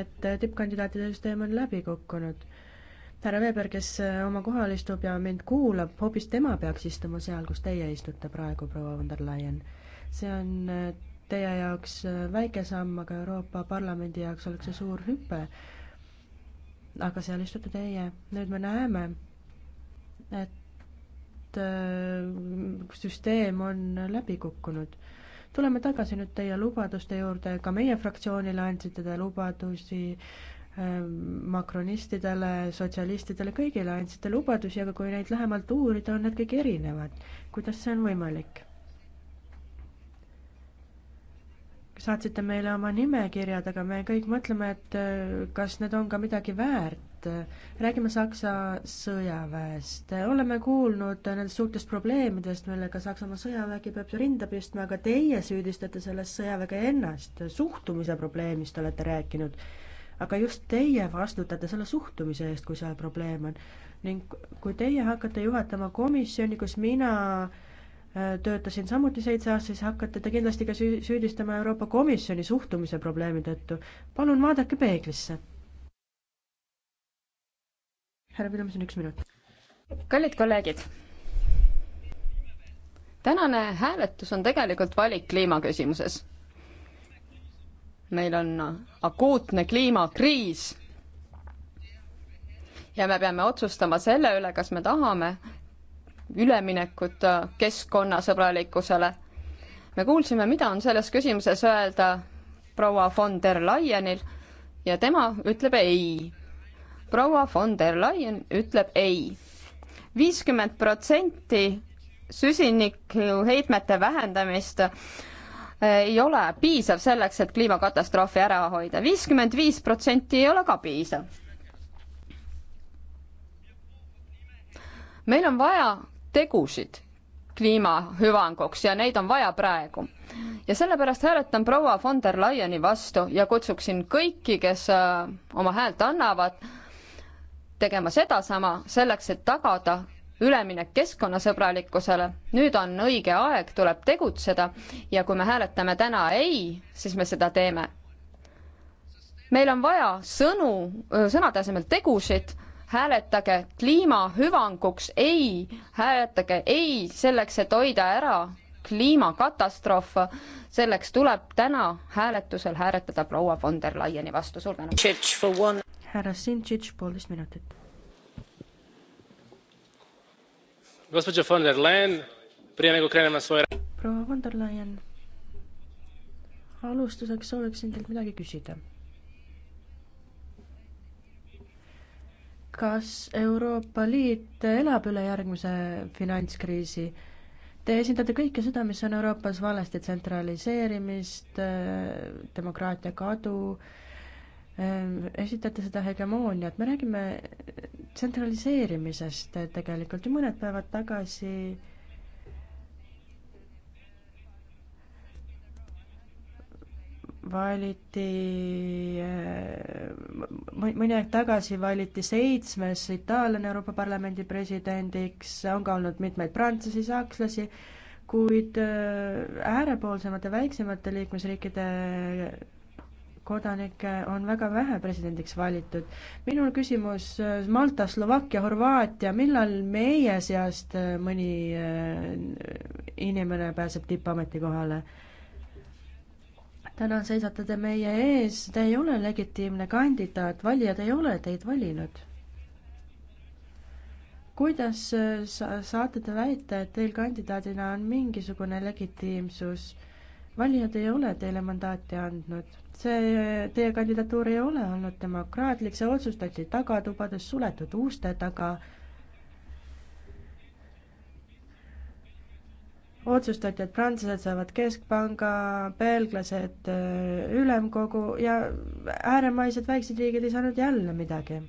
et äh, tippkandidaatide süsteem on läbi kukkunud. härra Weber, kes äh, oma kohal istub ja mind kuulab, hoopis tema peaks istuma seal, kus teie istute praegu, proua von der Leyen. see on äh, teie jaoks väike samm, aga Euroopa Parlamendi jaoks oleks see suur hüpe. aga seal istute teie. nüüd me näeme, et süsteem on läbi kukkunud tuleme tagasi nüüd teie lubaduste juurde, ka meie fraktsioonile andsite te lubadusi ähm, makronistidele, sotsialistidele, kõigile andsite lubadusi, aga kui neid lähemalt uurida, on need kõik erinevad. kuidas see on võimalik? saatsite meile oma nimekirjad, aga me kõik mõtleme, et äh, kas need on ka midagi väärt. räägime Saksa sõjaväest. oleme kuulnud nendest suurtest probleemidest, millega Saksamaa sõjavägi peab rinda pistma, aga teie süüdistate selles sõjaväge ennast. suhtumise probleemist olete rääkinud. aga just teie vastutate selle suhtumise eest, kui seal probleem on. ning kui teie hakkate juhatama komisjoni, kus mina äh, Äh, töötasin samuti seitse aastat, siis hakkate te kindlasti ka süü-, süüdistama Euroopa Komisjoni suhtumise probleemi tõttu. palun vaadake peeglisse. härra Pilumson, üks minut. kallid kolleegid, tänane hääletus on tegelikult valik kliimaküsimuses. meil on akuutne kliimakriis ja me peame otsustama selle üle, kas me tahame, üleminekut keskkonnasõbralikkusele. me kuulsime, mida on selles küsimuses öelda proua von der Leyenil ja tema ütleb ei. proua von der Leyen ütleb ei. viiskümmend protsenti süsinikuheitmete vähendamist eh, ei ole piisav selleks, et kliimakatastroofi ära hoida. viiskümmend viis protsenti ei ole ka piisav. meil on vaja tegusid kliima hüvanguks ja neid on vaja praegu. ja sellepärast hääletan proua von der Leyeni vastu ja kutsuksin kõiki, kes äh, oma häält annavad, tegema sedasama selleks, et tagada üleminek keskkonnasõbralikkusele. nüüd on õige aeg, tuleb tegutseda ja kui me hääletame täna ei, siis me seda teeme. meil on vaja sõnu, äh, sõnade asemel tegusid hääletage kliima hüvanguks ei, hääletage ei selleks, et hoida ära kliimakatastroof, selleks tuleb täna hääletusel hääletada proua von der Leyeni vastu, suur tänu. härra Sintšitš, poolteist minutit. proua von der Leyen, alustuseks sooviksin teilt midagi küsida kas Euroopa Liit elab üle järgmise finantskriisi? Te esindate kõike seda, mis on Euroopas valesti, tsentraliseerimist, demokraatia kadu, esitate seda hegemooniat, me räägime tsentraliseerimisest tegelikult ju mõned päevad tagasi valiti, äh, mõni aeg tagasi valiti seitsmes itaallane Euroopa Parlamendi presidendiks, on ka olnud mitmeid prantslasi, sakslasi, kuid äh, äärepoolsemate, väiksemate liikmesriikide kodanikke on väga vähe presidendiks valitud. minul küsimus, äh, Malta, Slovakkia, Horvaatia, millal meie seast mõni inimene pääseb tippametikohale? täna seisate te meie ees, te ei ole legitiimne kandidaat, valijad ei ole teid valinud. kuidas sa saate te väita, et teil kandidaadina on mingisugune legitiimsus? valijad ei ole teile mandaati andnud. see, teie kandidatuur ei ole olnud demokraatlik, see otsustati tagatubades, suletud uste taga otsustati, et prantslased saavad keskpanga, belglased äh, ülemkogu ja ääremaised väiksed riigid ei saanud jälle midagi.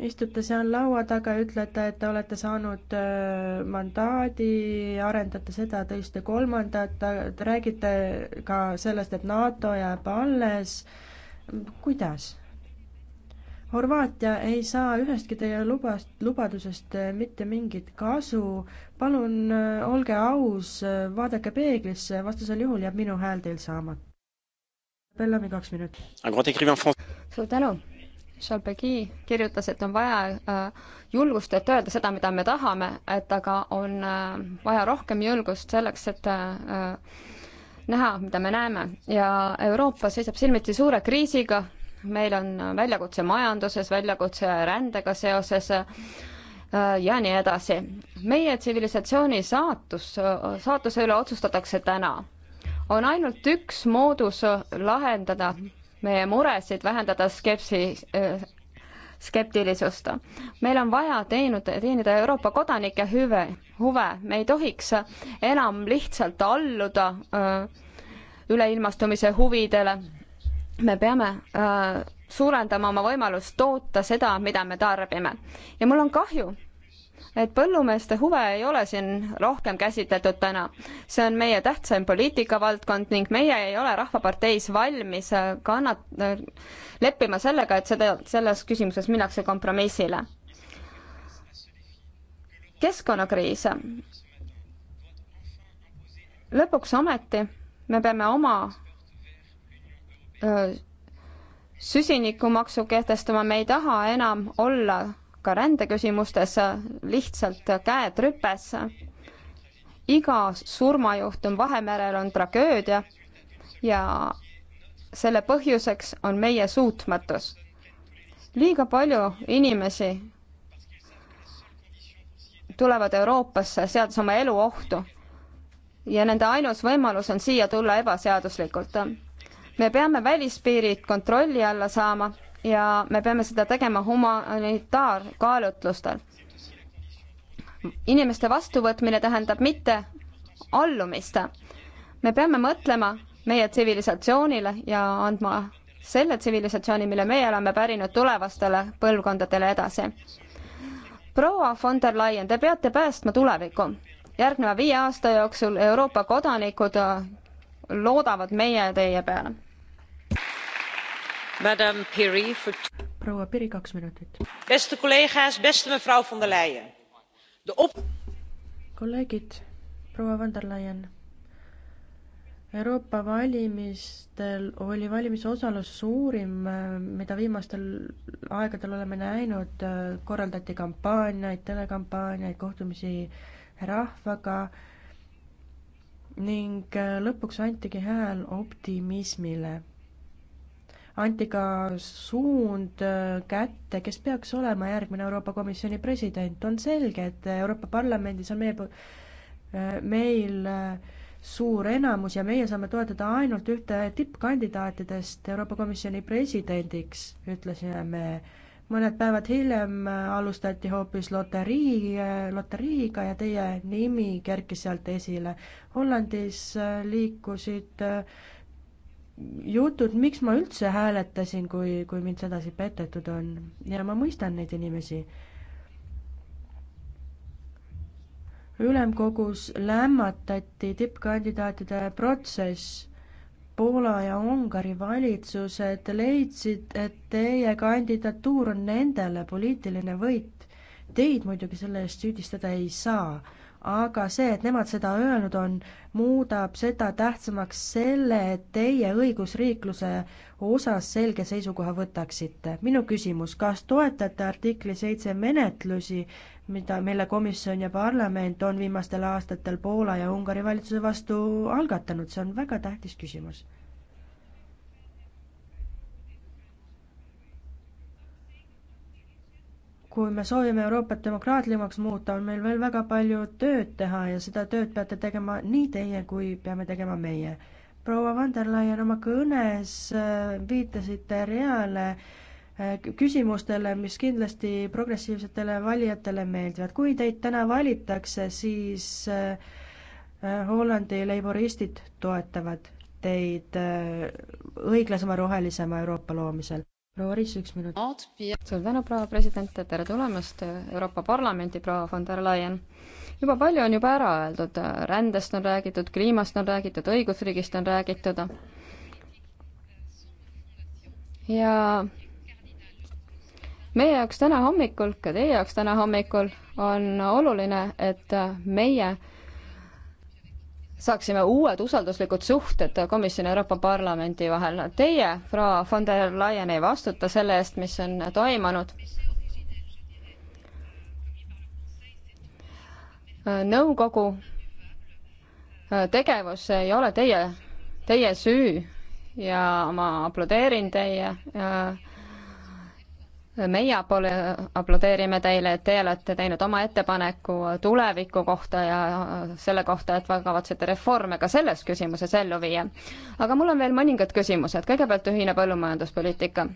istute seal laua taga ja ütlete, et te olete saanud äh, mandaadi, arendate seda, teist ja kolmandat, äh, räägite ka sellest, et NATO jääb alles. kuidas? Horvaatia ei saa ühestki teie lubast, lubadusest eh, mitte mingit kasu. palun eh, olge aus, eh, vaadake peeglisse, vastasel juhul jääb minu hääl teil saamata. Bellami kaks minutit. suur tänu. Chalpegui kirjutas, et on vaja julgust, et öelda seda, mida me tahame, et aga on vaja rohkem julgust selleks, et näha, mida me näeme ja Euroopa seisab silmitsi suure kriisiga meil on väljakutse majanduses, väljakutse rändega seoses äh, ja nii edasi. meie tsivilisatsiooni saatus, saatuse üle otsustatakse täna. on ainult üks moodus lahendada meie muresid, vähendada skepsi, äh, skeptilisust. meil on vaja teenida, teenida Euroopa kodanike hüve, huve, me ei tohiks enam lihtsalt alluda öö, äh, üleilmastumise huvidele me peame äh, suurendama oma võimalust toota seda, mida me tarbime. ja mul on kahju, et põllumeeste huve ei ole siin rohkem käsitletud täna. see on meie tähtsaim poliitikavaldkond ning meie ei ole Rahvaparteis valmis äh, kannat-, äh, leppima sellega, et seda, selles küsimuses minnakse kompromissile. keskkonnakriis. lõpuks ometi me peame oma süsinikumaksu kehtestama, me ei taha enam olla ka rändeküsimustes lihtsalt käed rüpes. iga surmajuhtum Vahemerel on tragöödia ja selle põhjuseks on meie suutmatus. liiga palju inimesi tulevad Euroopasse, seades oma elu ohtu. ja nende ainus võimalus on siia tulla ebaseaduslikult me peame välispiirid kontrolli alla saama ja me peame seda tegema humanitaarkaalutlustel. inimeste vastuvõtmine tähendab mitte allumist. me peame mõtlema meie tsivilisatsioonile ja andma selle tsivilisatsiooni, mille meie oleme pärinud tulevastele põlvkondadele edasi. proua von der Leyen, te peate päästma tulevikku. järgneva viie aasta jooksul Euroopa kodanikud loodavad meie teie peale proua Piri, kaks minutit. Beste kollegas, beste mevrouw von der Leyen. Op... kolleegid, proua von der Leyen. Euroopa valimistel oli valimisosalus suurim, äh, mida viimastel aegadel oleme näinud, äh, korraldati kampaaniaid, telekampaaniaid, kohtumisi rahvaga ning äh, lõpuks antigi hääl optimismile anti ka suund äh, kätte, kes peaks olema järgmine Euroopa Komisjoni president. on selge, et Euroopa Parlamendis on meie, äh, meil äh, suur enamus ja meie saame toetada ainult ühte tippkandidaatidest Euroopa Komisjoni presidendiks, ütlesime me. mõned päevad hiljem alustati hoopis loterii, loteriiga ja teie nimi kerkis sealt esile. Hollandis liikusid jutud, miks ma üldse hääletasin, kui, kui mind sedasi petetud on ja ma mõistan neid inimesi. ülemkogus lämmatati tippkandidaatide protsess. Poola ja Ungari valitsused leidsid, et teie kandidatuur on nendele poliitiline võit. Teid muidugi selle eest süüdistada ei saa aga see, et nemad seda öelnud on, muudab seda tähtsamaks selle, et teie õigusriikluse osas selge seisukoha võtaksite. minu küsimus, kas toetate artikli seitse menetlusi, mida, mille komisjon ja parlament on viimastel aastatel Poola ja Ungari valitsuse vastu algatanud, see on väga tähtis küsimus kui me soovime Euroopat demokraatlikumaks muuta, on meil veel väga palju tööd teha ja seda tööd peate tegema nii teie kui peame tegema meie. proua van der Leyen, oma kõnes äh, viitasite reale äh, küsimustele, mis kindlasti progressiivsetele valijatele meeldivad. kui teid täna valitakse, siis äh, Hollandi leiboristid toetavad teid õiglasema, rohelisema Euroopa loomisel proua Riis, üks minut. suur tänu, proua president ja tere tulemast Euroopa Parlamenti, proua von der Leyen. juba palju on juba ära öeldud, rändest on räägitud, kliimast on räägitud, õigusriigist on räägitud. ja meie jaoks täna hommikul, ka teie jaoks täna hommikul on oluline, et meie saaksime uued usalduslikud suhted komisjoni ja Euroopa Parlamendi vahel. Teie, proua von der Leyen, ei vastuta selle eest, mis on toimunud. nõukogu tegevus ei ole teie, teie süü ja ma aplodeerin teie äh, meie aplodeerime teile, et teie olete teinud oma ettepaneku tuleviku kohta ja selle kohta, et kavatsete reforme ka selles küsimuses ellu viia. aga mul on veel mõningad küsimused, kõigepealt ühine põllumajanduspoliitika.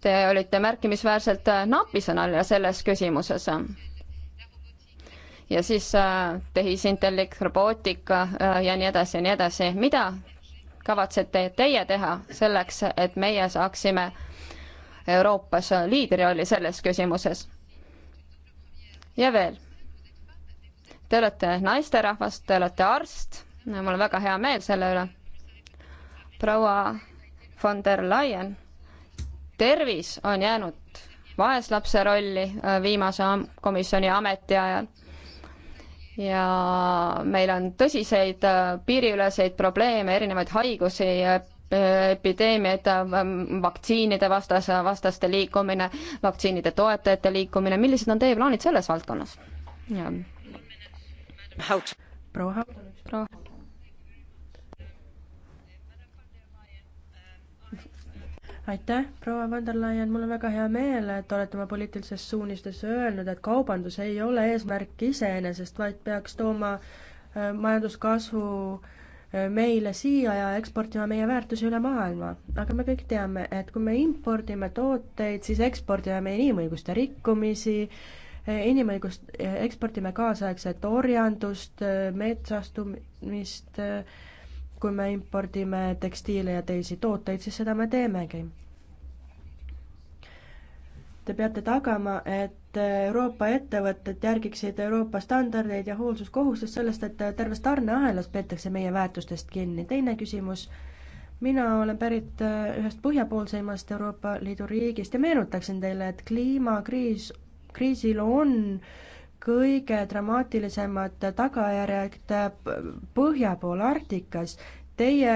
Te olite märkimisväärselt napisõnaline selles küsimuses. ja siis äh, tehisintellekt, robootika äh, ja nii edasi ja nii edasi, mida kavatsete teie teha selleks, et meie saaksime Euroopas liidrirolli selles küsimuses? ja veel, te olete naisterahvas, te olete arst, mul on väga hea meel selle üle. proua von der Leyen, tervis on jäänud vaeslapse rolli äh, viimase komisjoni ametiajal ja meil on tõsiseid äh, piiriüleseid probleeme, erinevaid haigusi, äh, epideemiaid, äh, vaktsiinide vastas, vastaste liikumine, vaktsiinide toetajate liikumine, millised on teie plaanid selles valdkonnas? proua Haug. aitäh, proua von der Leyen, mul on väga hea meel, et olete oma poliitilistes suunistes öelnud, et kaubandus ei ole eesmärk iseenesest, vaid peaks tooma äh, majanduskasvu äh, meile siia ja eksportima meie väärtusi üle maailma. aga me kõik teame, et kui me impordime tooteid, siis ekspordime me inimõiguste rikkumisi, äh, inimõigust, ekspordime kaasaegset orjandust, metsastumist, kui me impordime tekstiile ja teisi tooteid, siis seda me teemegi. Te peate tagama, et Euroopa ettevõtted järgiksid Euroopa standardeid ja hoolsuskohustust sellest, et terves tarneahelas peetakse meie väärtustest kinni. teine küsimus, mina olen pärit äh, ühest põhjapoolseimast Euroopa Liidu riigist ja meenutaksin teile, et kliimakriis, kriisil on äh, kõige dramaatilisemad tagajärjed põhja pool Arktikas. Teie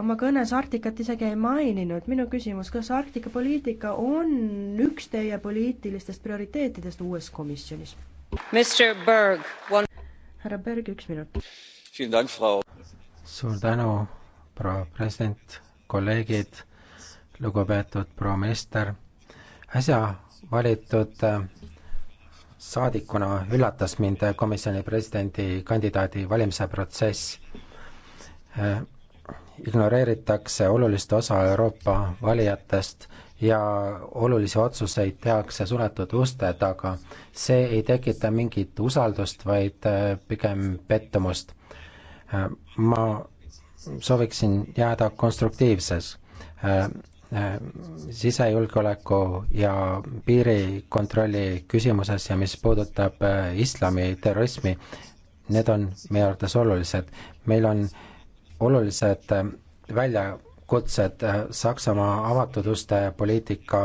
oma kõnes Arktikat isegi ei maininud. minu küsimus, kas Arktika poliitika on üks teie poliitilistest prioriteetidest uues komisjonis? härra Berg, üks minut. suur tänu, proua president, kolleegid, lugupeetud proua minister. äsja valitud äh, saadikuna üllatas mind komisjoni presidendi kandidaadi valimise protsess. ignoreeritakse olulist osa Euroopa valijatest ja olulisi otsuseid tehakse suletud uste taga. see ei tekita mingit usaldust, vaid äh, pigem pettumust. Äh, ma sooviksin jääda konstruktiivses äh, Äh, sisejulgeoleku ja piirikontrolli küsimuses ja mis puudutab äh, islamiterrorismi, need on meie arvates olulised. meil on olulised äh, väljakutsed Saksamaa avatud uste poliitika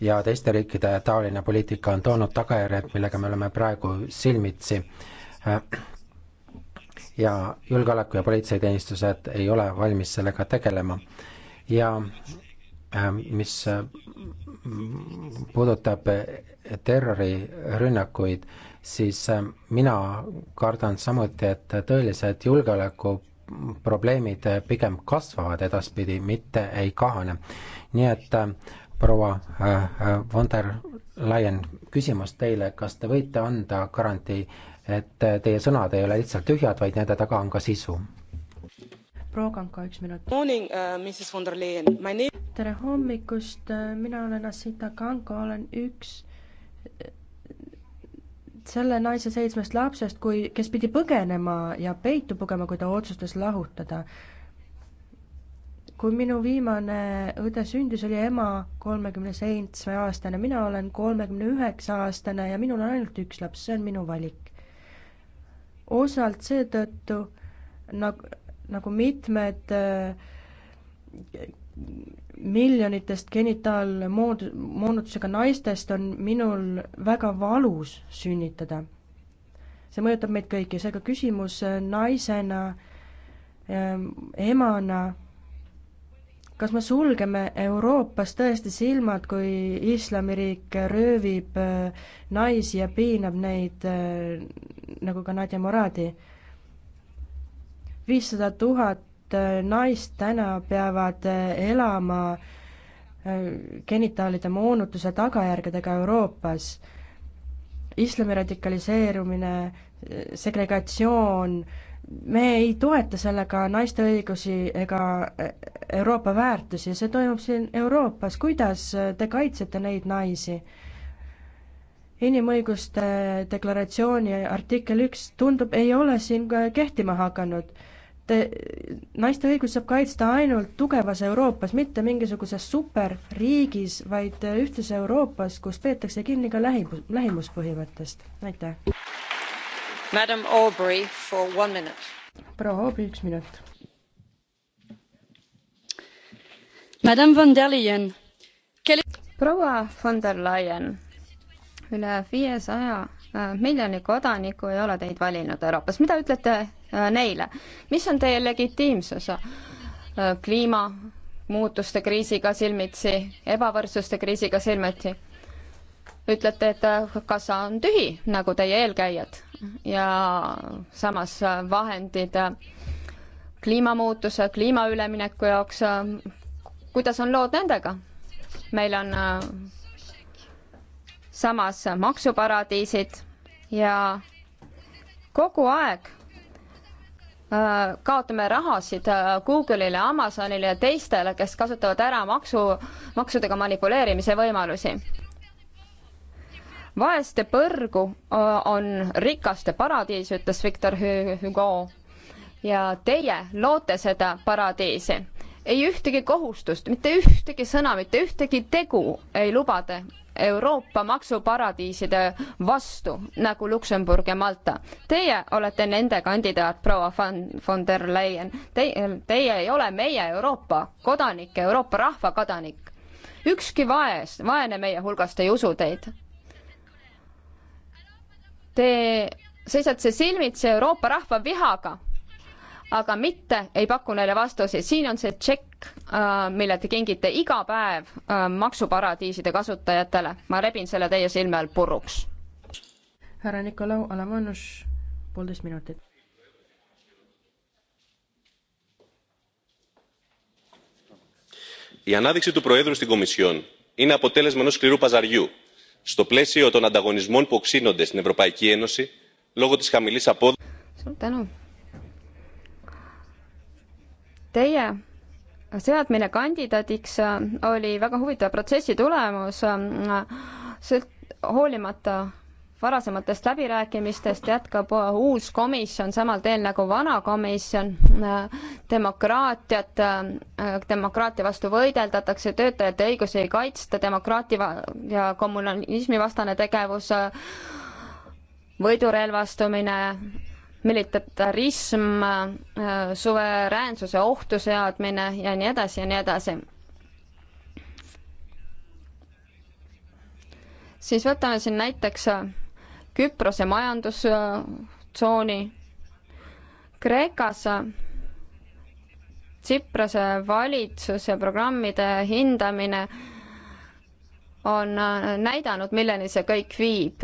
ja teiste riikide taoline poliitika on toonud tagajärjed, millega me oleme praegu silmitsi. ja julgeoleku- ja politseiteenistused ei ole valmis sellega tegelema. ja Ähm, mis äh, puudutab äh, terrorirünnakuid, siis äh, mina kardan samuti, et tõelised julgeolekuprobleemid pigem kasvavad edaspidi, mitte ei kahane. nii et proua von der Leyen, küsimus teile, kas te võite anda garantii, et teie sõnad ei ole lihtsalt tühjad, vaid nende taga on ka sisu? proua Kanka, üks minut. Uh, tere hommikust, uh, mina olen Asita Kanko, olen üks uh, selle naise seitsmest lapsest, kui, kes pidi põgenema ja peitu pugema, kui ta otsustas lahutada. kui minu viimane õde sündis, oli ema kolmekümne seitsme aastane, mina olen kolmekümne üheksa aastane ja minul on ainult üks laps, see on minu valik. osalt seetõttu nagu nagu mitmed äh, miljonitest genitaalmood-, moonutusega naistest on minul väga valus sünnitada. see mõjutab meid kõiki, seega küsimus äh, naisena, ähm, emana, kas me sulgeme Euroopas tõesti silmad, kui islamiriik röövib äh, naisi ja piinab neid, nagu ka Nadia Moradi? viissada tuhat äh, naist täna peavad äh, elama äh, genitaalide moonutuse tagajärgedega Euroopas. islami radikaliseerumine, segregatsioon, me ei toeta sellega naiste õigusi ega Euroopa väärtusi ja see toimub siin Euroopas, kuidas te kaitsete neid naisi? inimõiguste deklaratsiooni artikkel üks tundub, ei ole siin kehtima hakanud naiste õigusi saab kaitsta ainult tugevas Euroopas, mitte mingisuguses superriigis, vaid ühtses Euroopas, kus peetakse kinni ka lähi, lähimuspõhimõttest. aitäh. proua Aubrey, üks minut. proua von der Leyen, üle viiesaja 500 Äh, miljoni kodaniku ei ole teid valinud Euroopas, mida ütlete äh, neile? mis on teie legitiimsus äh, kliimamuutuste kriisiga silmitsi, ebavõrdsuste kriisiga silmitsi? ütlete, et kassa on tühi, nagu teie eelkäijad ja samas vahendid kliimamuutuse, kliimaülemineku jaoks, kuidas on lood nendega? meil on samas maksuparadiisid ja kogu aeg äh, kaotame rahasid äh, Google'ile, Amazonile ja teistele, kes kasutavad ära maksu, maksudega manipuleerimise võimalusi. vaeste põrgu äh, on rikaste paradiis, ütles Victor Hugo. ja teie loote seda paradiisi ei ühtegi kohustust, mitte ühtegi sõna, mitte ühtegi tegu ei luba te Euroopa maksuparadiiside vastu, nagu Luksemburg ja Malta. Teie olete nende kandidaat, proua von, von der Leyen. Teie, teie ei ole meie Euroopa kodanik, Euroopa rahva kodanik. ükski vaes, vaene meie hulgast ei usu teid. Te seisate silmitsi Euroopa rahva vihaga aga mitte ei paku neile vastuseid. siin on see tšekk, äh, mille te kingite iga päev äh, maksuparadiiside kasutajatele. ma rebin selle teie silme all puruks. härra Nikolau Alamanus, poolteist minutit. Η ανάδειξη του Προέδρου στην Κομισιόν είναι αποτέλεσμα ενός σκληρού παζαριού στο πλαίσιο των ανταγωνισμών που οξύνονται στην Ευρωπαϊκή Ένωση λόγω της χαμηλής απόδοσης Teie seadmine kandidaadiks äh, oli väga huvitava protsessi tulemus, äh, sõlt-, hoolimata varasematest läbirääkimistest jätkab äh, uus komisjon samal teel nagu vana komisjon. demokraatiat, demokraatia vastu võideldatakse, töötajate õigusi ei kaitsta, demokraatia ja kommunismi vastane tegevus, võidurelvastumine militarism, äh, suveräänsuse ohtu seadmine ja nii edasi ja nii edasi. siis võtame siin näiteks äh, Küprose majandustsooni. Kreekas äh, Tsiprase valitsuse programmide hindamine on näidanud, milleni see kõik viib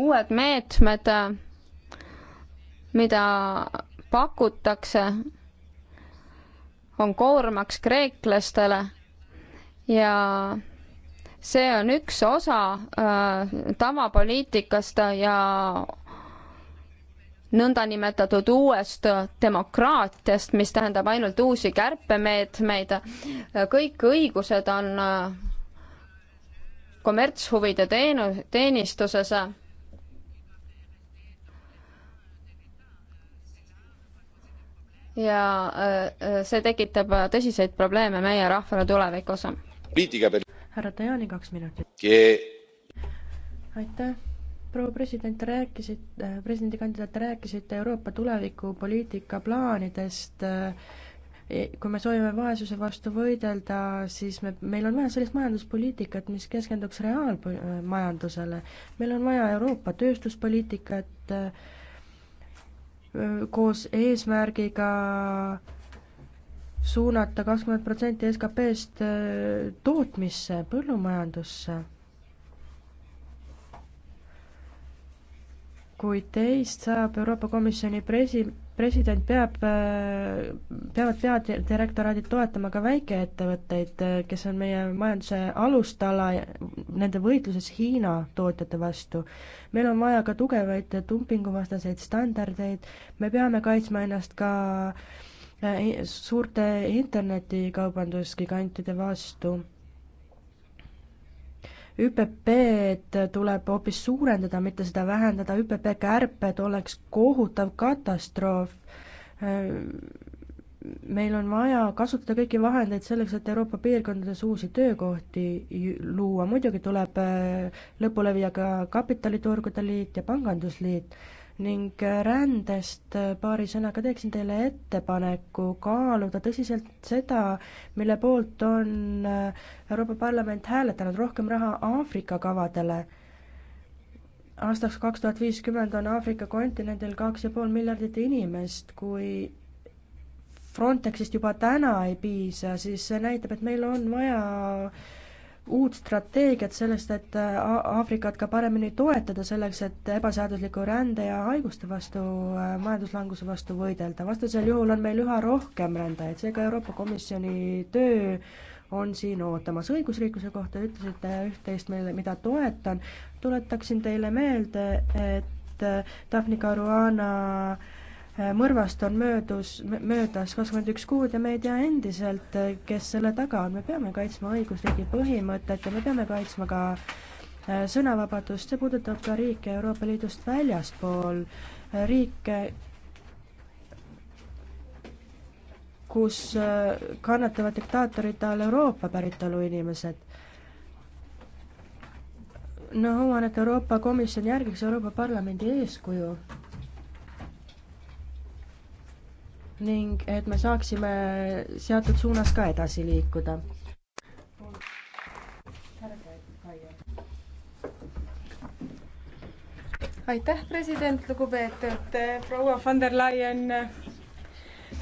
uued meetmed, mida pakutakse, on koormaks kreeklastele ja see on üks osa äh, tavapoliitikast ja nõndanimetatud uuest demokraatiast, mis tähendab ainult uusi kärpemeetmeid. kõik õigused on äh, kommertshuvide teenu-, teenistuses ja äh, äh, see tekitab äh, tõsiseid probleeme meie rahvale tulevikus. härra Tajani, kaks minutit. aitäh proua president, rääkisid, presidendikandidaat, rääkisite Euroopa tulevikupoliitika plaanidest. E, kui me soovime vaesuse vastu võidelda, siis me, meil on vaja sellist majanduspoliitikat, mis keskenduks reaalmajandusele. meil on vaja Euroopa tööstuspoliitikat äh,, koos eesmärgiga suunata kakskümmend protsenti SKP-st tootmisse, põllumajandusse. kuid teist saab Euroopa Komisjoni presi-, president peab, peavad peadirektoraadid toetama ka väikeettevõtteid, kes on meie majanduse alustala, nende võitluses Hiina tootjate vastu. meil on vaja ka tugevaid dumpinguvastaseid standardeid, me peame kaitsma ennast ka eh, suurte internetikaubandusgigantide vastu ÜPP-d tuleb hoopis suurendada, mitte seda vähendada, ÜPP kärped oleks kohutav katastroof. meil on vaja kasutada kõiki vahendeid selleks, et Euroopa piirkondades uusi töökohti luua, muidugi tuleb lõpule viia ka kapitaliturgude liit ja pangandusliit ning rändest paari sõnaga teeksin teile ettepaneku kaaluda tõsiselt seda, mille poolt on Euroopa Parlament hääletanud, rohkem raha Aafrika kavadele. aastaks kaks tuhat viiskümmend on Aafrika kontinendil kaks ja pool miljardit inimest, kui Frontexist juba täna ei piisa, siis see näitab, et meil on vaja uut strateegiat sellest, et äh, Aafrikat ka paremini toetada, selleks et ebaseadusliku rände ja haiguste vastu, äh, majanduslanguse vastu võidelda. vastasel juhul on meil üha rohkem rändajaid, seega Euroopa Komisjoni töö on siin ootamas. õigusriikluse kohta ütlesite üht-teist meile, mida toetan. tuletaksin teile meelde, et äh, Daphne Caruana äh, mõrvast on möödus, möödas kakskümmend üks kuud ja me ei tea endiselt, kes selle taga on. me peame kaitsma õigusriigi põhimõtet ja me peame kaitsma ka äh, sõnavabadust, see puudutab ka riike Euroopa Liidust väljaspool, äh, riike, kus äh, kannatavad diktaatorite all Euroopa päritolu inimesed nõuan no,, et Euroopa Komisjon järgiks Euroopa Parlamendi eeskuju ning et me saaksime seatud suunas ka edasi liikuda. aitäh, president, lugupeetud eh, proua von der Leyen.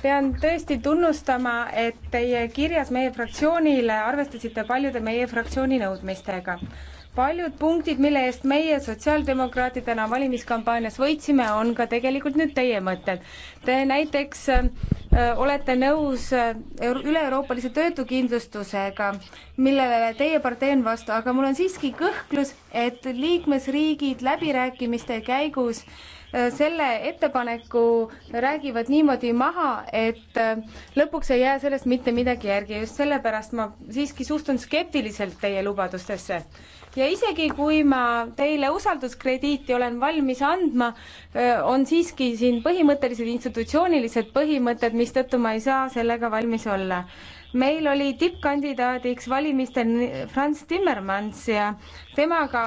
pean tõesti tunnustama, et teie kirjas meie fraktsioonile arvestasite paljude meie fraktsiooni nõudmistega paljud punktid, mille eest meie sotsiaaldemokraatidena valimiskampaanias võitsime, on ka tegelikult nüüd teie mõtted. Te näiteks öö, äh, olete nõus äh, üle-euroopalise töötukindlustusega, millele teie partei on vastu, aga mul on siiski kõhklus, et liikmesriigid läbirääkimiste käigus äh, selle ettepaneku räägivad niimoodi maha, et lõpuks ei jää sellest mitte midagi järgi, just sellepärast ma siiski suhtun skeptiliselt teie lubadustesse ja isegi, kui ma teile usalduskrediiti olen valmis andma, on siiski siin põhimõttelised institutsioonilised põhimõtted, mistõttu ma ei saa sellega valmis olla. meil oli tippkandidaadiks valimistel Franz Timmermans ja temaga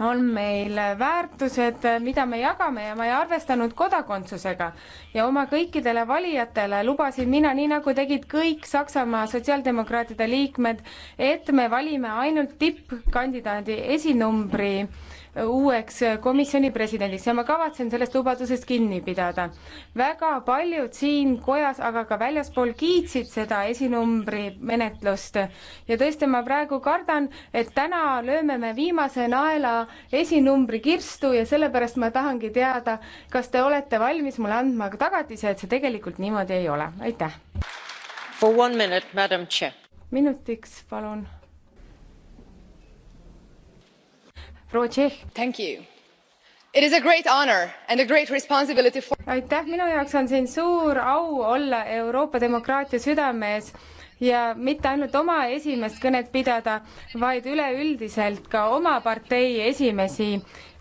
on meil väärtused, mida me jagame ja ma ei arvestanud kodakondsusega. ja oma kõikidele valijatele lubasin mina, nii nagu tegid kõik Saksamaa sotsiaaldemokraatide liikmed, et me valime ainult tippkandidaadi esinumbri äh, uueks komisjoni presidendiks ja ma kavatsen sellest lubadusest kinni pidada. väga paljud siin kojas, aga ka väljaspool kiitsid seda esinumbri menetlust ja tõesti, ma praegu kardan, et täna lööme me viimase naela esinumbri kirstu ja sellepärast ma tahangi teada, kas te olete valmis mulle andma tagatise, et see tegelikult niimoodi ei ole, aitäh. minutiks palun proua Tšehh. aitäh, minu jaoks on siin suur au olla Euroopa demokraatia südames ja mitte ainult oma esimest kõnet pidada, vaid üleüldiselt ka oma partei esimesi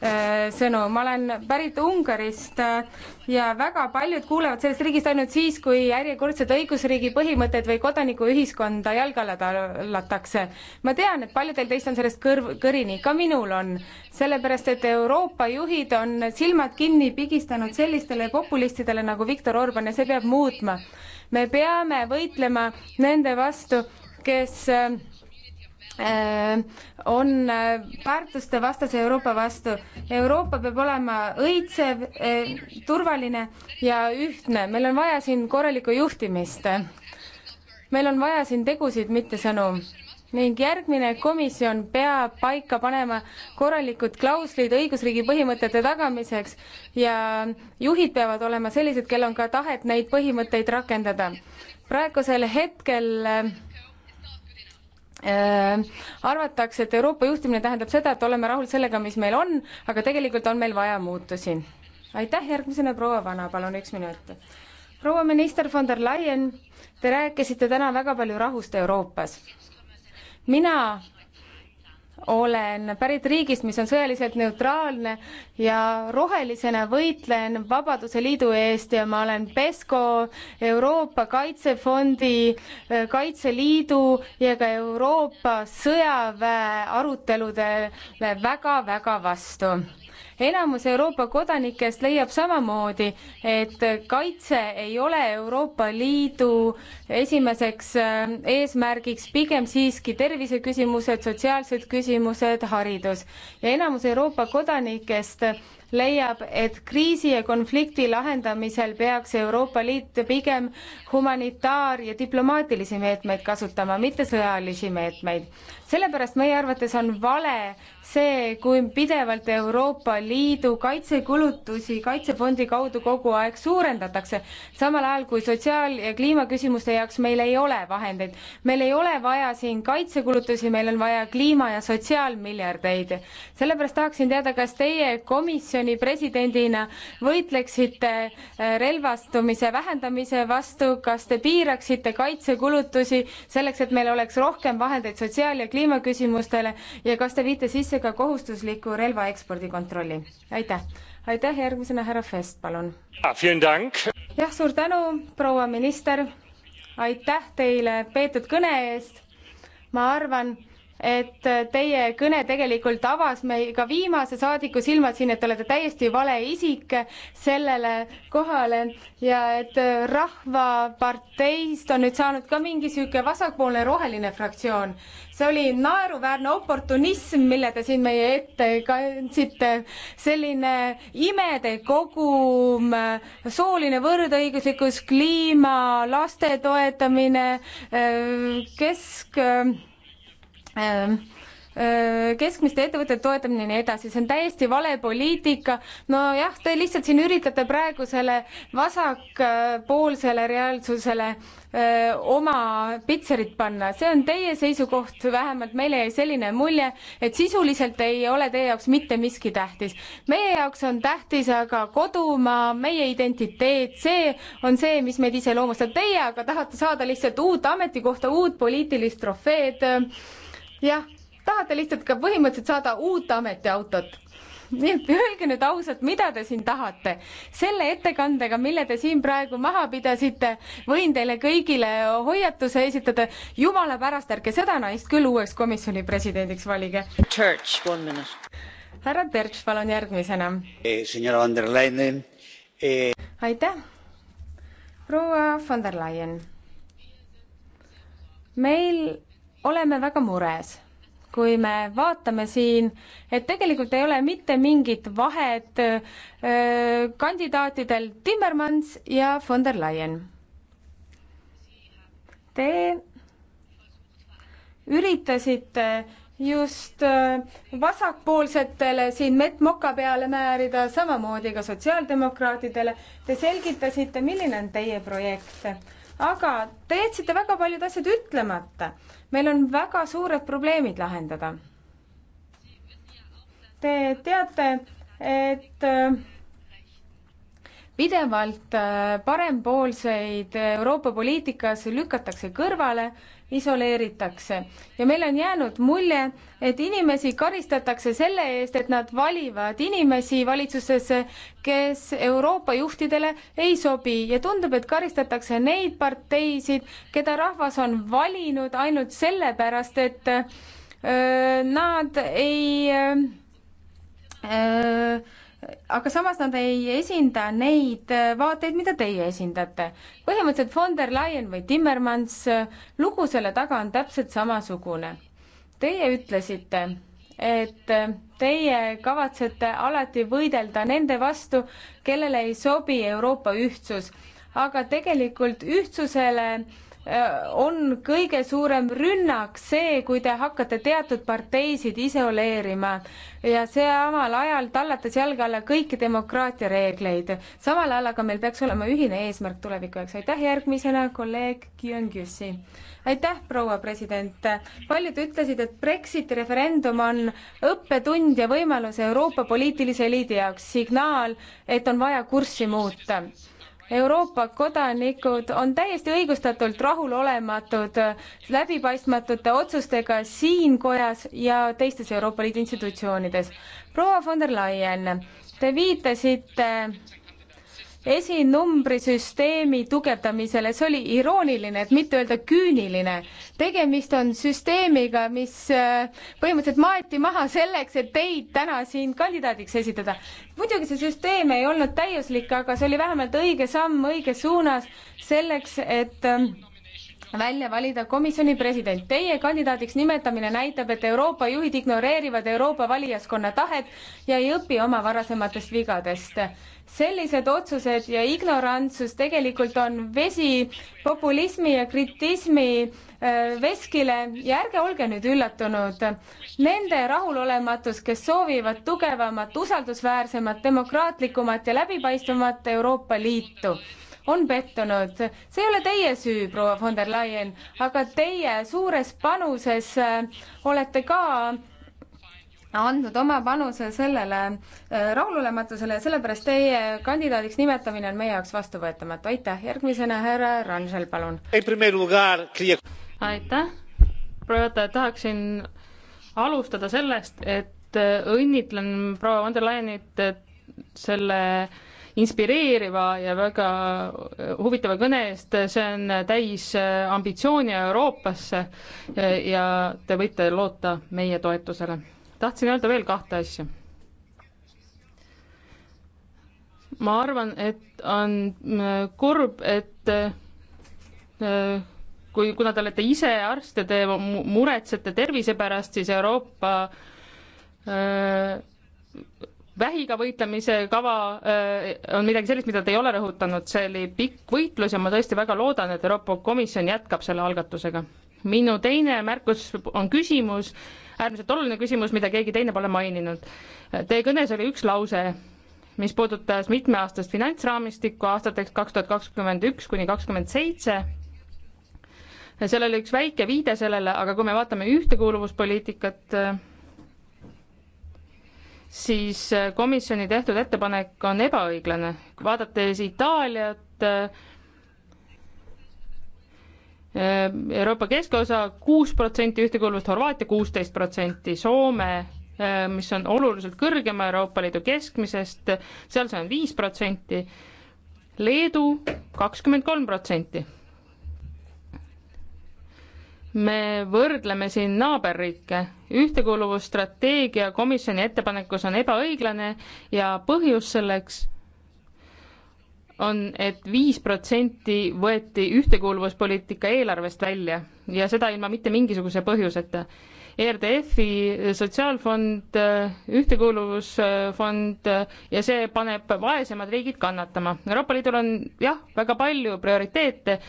äh, sõnu. ma olen pärit Ungarist äh, ja väga paljud kuulevad sellest riigist ainult siis, kui järjekordselt õigusriigi põhimõtted või kodanikuühiskonda jalge alla tallatakse. ma tean, et paljudel teist on sellest kõrv, kõrini, ka minul on, sellepärast et Euroopa juhid on silmad kinni pigistanud sellistele populistidele nagu Viktor Orban ja see peab muutma me peame võitlema nende vastu, kes äh, on äh, väärtuste vastase Euroopa vastu. Euroopa peab olema õitsev, äh, turvaline ja ühtne. meil on vaja siin korralikku juhtimist. meil on vaja siin tegusid, mitte sõnu ning järgmine komisjon peab paika panema korralikud klauslid õigusriigi põhimõtete tagamiseks ja juhid peavad olema sellised, kel on ka tahet neid põhimõtteid rakendada. praegusel hetkel äh, arvatakse, et Euroopa juhtimine tähendab seda, et oleme rahul sellega, mis meil on, aga tegelikult on meil vaja muutusi. aitäh, järgmisena proua Vana, palun üks minut. proua minister von der Leyen, te rääkisite täna väga palju rahust Euroopas mina olen pärit riigist, mis on sõjaliselt neutraalne ja rohelisena võitlen Vabaduse Liidu eest ja ma olen PESCO, Euroopa Kaitsefondi, eh, Kaitseliidu ja ka Euroopa sõjaväe aruteludele väga-väga vastu enamus Euroopa kodanikest leiab samamoodi, et kaitse ei ole Euroopa Liidu esimeseks äh, eesmärgiks, pigem siiski terviseküsimused, sotsiaalsed küsimused, haridus. ja enamus Euroopa kodanikest leiab, et kriisi ja konflikti lahendamisel peaks Euroopa Liit pigem humanitaar- ja diplomaatilisi meetmeid kasutama, mitte sõjalisi meetmeid. sellepärast meie arvates on vale see, kui pidevalt Euroopa Liidu kaitsekulutusi Kaitsefondi kaudu kogu aeg suurendatakse, samal ajal kui sotsiaal- ja kliimaküsimuste jaoks meil ei ole vahendeid. meil ei ole vaja siin kaitsekulutusi, meil on vaja kliima- ja sotsiaalmiljardeid. sellepärast tahaksin teada, kas teie komisjon komisjoni presidendina võitleksite äh, relvastumise vähendamise vastu, kas te piiraksite kaitsekulutusi selleks, et meil oleks rohkem vahendeid sotsiaal- ja kliimaküsimustele ja kas te viite sisse ka kohustusliku relva ekspordi kontrolli? aitäh. aitäh, järgmisena härra Fest, palun. jah, suur tänu, proua minister. aitäh teile peetud kõne eest. ma arvan, et teie kõne tegelikult avas meil ka viimase saadiku silmad siin, et te olete täiesti vale isik sellele kohale ja et Rahvaparteist on nüüd saanud ka mingi sihuke vasakpoolne roheline fraktsioon. see oli naeruväärne oportunism, mille te siin meie ette kandsite, selline imede kogum, sooline võrdõiguslikkus, kliima, laste toetamine, kesk Äh, äh, keskmiste ettevõtete toetamine ja nii edasi, see on täiesti vale poliitika. nojah, te lihtsalt siin üritate praegusele vasakpoolsele reaalsusele öö, äh, oma pitserit panna, see on teie seisukoht, vähemalt meile jäi selline mulje, et sisuliselt ei ole teie jaoks mitte miski tähtis. meie jaoks on tähtis aga kodumaa, meie identiteet, see on see, mis meid iseloomustab. Teie aga tahate saada lihtsalt uut ametikohta, uut poliitilist trofeed öö, jah, tahate lihtsalt ka põhimõtteliselt saada uut ametiautot nii et öelge nüüd ausalt, mida te siin tahate. selle ettekandega, mille te siin praegu maha pidasite, võin teile kõigile hoiatuse esitada. jumala pärast, ärge seda naist küll uueks komisjoni presidendiks valige. härra Terts, palun järgmisena eh,. Eh... aitäh, proua von der Leyen. meil oleme väga mures, kui me vaatame siin, et tegelikult ei ole mitte mingit vahet kandidaatidel Timmermans ja von der Leyen. Te üritasite just vasakpoolsetele siin mett moka peale määrida, samamoodi ka sotsiaaldemokraatidele. Te selgitasite, milline on teie projekt, aga te jätsite väga paljud asjad ütlemata meil on väga suured probleemid lahendada. Te teate, et äh, pidevalt äh, parempoolseid Euroopa poliitikas lükatakse kõrvale isoleeritakse ja meil on jäänud mulje, et inimesi karistatakse selle eest, et nad valivad inimesi valitsusesse, kes Euroopa juhtidele ei sobi ja tundub, et karistatakse neid parteisid, keda rahvas on valinud ainult sellepärast, et öö, äh, nad ei öö, äh, öö, äh, aga samas nad ei esinda neid vaateid, mida teie esindate. põhimõtteliselt von der Leyen või Timmermans, lugu selle taga on täpselt samasugune. Teie ütlesite, et teie kavatsete alati võidelda nende vastu, kellele ei sobi Euroopa ühtsus, aga tegelikult ühtsusele äh, Äh, on kõige suurem rünnak see, kui te hakkate teatud parteisid isoleerima ja samal ajal tallates jalge alla kõiki demokraatia reegleid. samal ajal aga meil peaks olema ühine eesmärk tuleviku jaoks. aitäh, järgmisena kolleeg Kyöngüssi. aitäh, proua president. paljud ütlesid, et Brexiti referendum on õppetund ja võimalus Euroopa poliitilise eliidi jaoks, signaal, et on vaja kurssi muuta Euroopa kodanikud on täiesti õigustatult rahulolematud läbipaistmatute otsustega siin kojas ja teistes Euroopa Liidu institutsioonides. proua von der Leyen, te viitasite esinumbrisüsteemi tugevdamisele, see oli irooniline, et mitte öelda küüniline. tegemist on süsteemiga, mis äh, põhimõtteliselt maeti maha selleks, et teid täna siin kandidaadiks esitada. muidugi see süsteem ei olnud täiuslik, aga see oli vähemalt õige samm õiges suunas selleks, et ähm, välja valida komisjoni president. Teie kandidaadiks nimetamine näitab, et Euroopa juhid ignoreerivad Euroopa valijaskonna tahet ja ei õpi oma varasematest vigadest. sellised otsused ja ignorantsus tegelikult on vesi populismi ja kritismi äh, veskile ja ärge olge nüüd üllatunud. Nende rahulolematus, kes soovivad tugevamat, usaldusväärsemat, demokraatlikumat ja läbipaistvamat Euroopa Liitu on pettunud. see ei ole teie süü, proua von der Leyen, aga teie suures panuses äh, olete ka andnud oma panuse sellele äh, rahulolematusele ja sellepärast teie kandidaadiks nimetamine on meie jaoks vastuvõetamatu. aitäh, järgmisena härra Rangel, palun. aitäh, proua juhataja, tahaksin alustada sellest, et äh, õnnitlen proua von der Leyenit selle inspireeriva ja väga huvitava kõne eest, see on täis ambitsiooni Euroopasse ja te võite loota meie toetusele. tahtsin öelda veel kahte asja ma arvan, et on kurb, et kui, kuna te olete ise arst ja te muretsete tervise pärast, siis Euroopa vähiga võitlemise kava äh, on midagi sellist, mida te ei ole rõhutanud, see oli pikk võitlus ja ma tõesti väga loodan, et Euroopa Komisjon jätkab selle algatusega. minu teine märkus on küsimus, äärmiselt oluline küsimus, mida keegi teine pole maininud. Teie kõnes oli üks lause, mis puudutas mitmeaastast finantsraamistikku aastateks kaks tuhat kakskümmend üks kuni kakskümmend seitse seal oli üks väike viide sellele, aga kui me vaatame ühtekuuluvuspoliitikat, siis äh, komisjoni tehtud ettepanek on ebaõiglane. vaadates Itaaliat, äh, äh, Euroopa keskosa kuus protsenti ühtekuuluvust, Horvaatia kuusteist protsenti, Soome, mis on oluliselt kõrgema Euroopa Liidu keskmisest, seal see on viis protsenti, Leedu kakskümmend kolm protsenti me võrdleme siin naaberriike. ühtekuuluvusstrateegia komisjoni ettepanekus on ebaõiglane ja põhjus selleks on et, et viis protsenti võeti ühtekuuluvuspoliitika eelarvest välja ja seda ilma mitte mingisuguse põhjuseta. ERDF-i sotsiaalfond, ühtekuuluvusfond ja see paneb vaesemad riigid kannatama. Euroopa Liidul on jah, väga palju prioriteete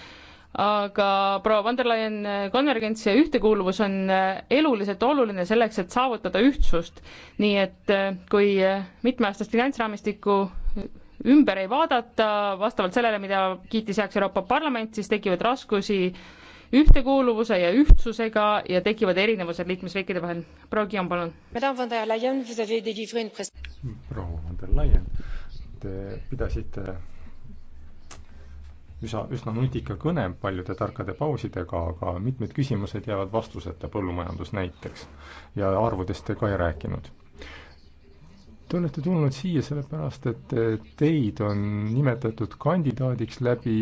aga proua von der Leyen äh, konvergents ja ühtekuuluvus on äh, eluliselt oluline selleks, et saavutada ühtsust. nii et äh, kui mitmeaastast finantsraamistikku ümber ei vaadata vastavalt sellele, mida kiitis heaks Euroopa Parlament, siis tekivad raskusi ühtekuuluvuse ja ühtsusega ja tekivad erinevused liikmesriikide vahel. proua Guillaume, palun. Hmm, proua von der Leyen, te pidasite üsa, üsna nutika kõne paljude tarkade pausidega, aga mitmed küsimused jäävad vastuseta, põllumajandus näiteks. ja arvudest te ka ei rääkinud. Te olete tulnud siia sellepärast, et teid on nimetatud kandidaadiks läbi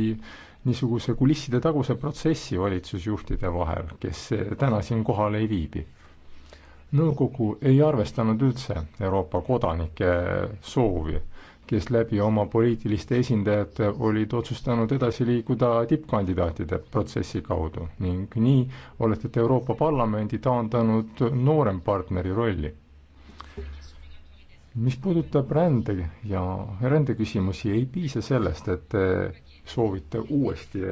niisuguse kulisside taguse protsessi valitsusjuhtide vahel, kes täna siin kohal ei viibi. nõukogu ei arvestanud üldse Euroopa kodanike soovi kes läbi oma poliitiliste esindajate olid otsustanud edasi liikuda tippkandidaatide protsessi kaudu ning nii olete te Euroopa Parlamendi taandanud noorem partneri rolli. mis puudutab rände ja rändeküsimusi, ei piisa sellest, et te soovite uuesti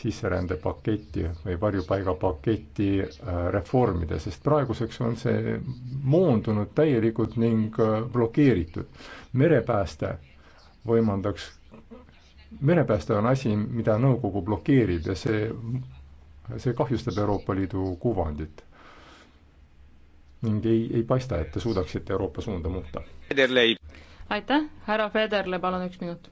sisserändepaketti või varjupaigapaketti äh, reformida, sest praeguseks on see moondunud täielikult ning äh, blokeeritud merepääste võimaldaks, merepääste on asi, mida nõukogu blokeerib ja see, see kahjustab Euroopa Liidu kuvandit. ning ei, ei paista, et te suudaksite Euroopa suunda muuta. aitäh, härra Federle, palun üks minut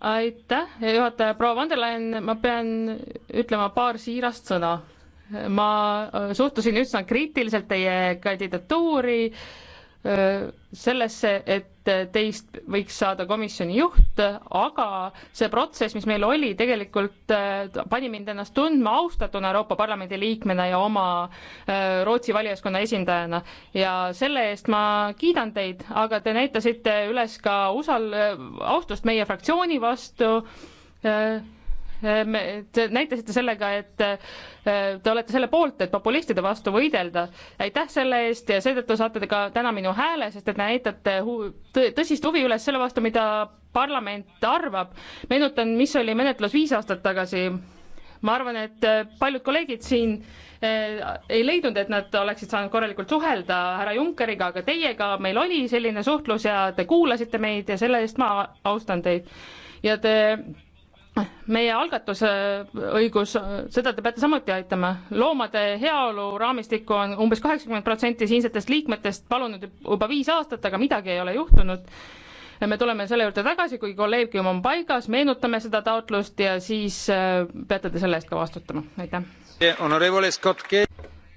aitäh, juhataja proua Vanderlein, ma pean ütlema paar siirast sõna. ma suhtusin üsna kriitiliselt teie kandidatuuri sellesse, et teist võiks saada komisjoni juht, aga see protsess, mis meil oli, tegelikult äh, pani mind ennast tundma austatuna Euroopa Parlamendi liikmena ja oma äh, Rootsi valijaskonna esindajana. ja selle eest ma kiidan teid, aga te näitasite üles ka usal-, äh, austust meie fraktsiooni vastu, me, te näitasite sellega, et äh, te olete selle poolt, et populistide vastu võidelda. aitäh selle eest ja seetõttu saate te ka täna minu hääle, sest et näitate hu tõsist huvi üles selle vastu, mida parlament arvab. meenutan, mis oli menetlus viis aastat tagasi. ma arvan, et äh, paljud kolleegid siin äh, ei leidnud, et nad oleksid saanud korralikult suhelda härra Junckeriga, aga teiega meil oli selline suhtlus ja te kuulasite meid ja selle eest ma austan teid. ja te meie algatuse õigus, äh, seda te peate samuti aitama. loomade heaolu raamistikku on umbes kaheksakümmend protsenti siinsetest liikmetest palunud juba viis aastat, aga midagi ei ole juhtunud. me tuleme selle juurde tagasi, kui kolleegium on paigas, meenutame seda taotlust ja siis äh, peate te selle eest ka vastutama, aitäh.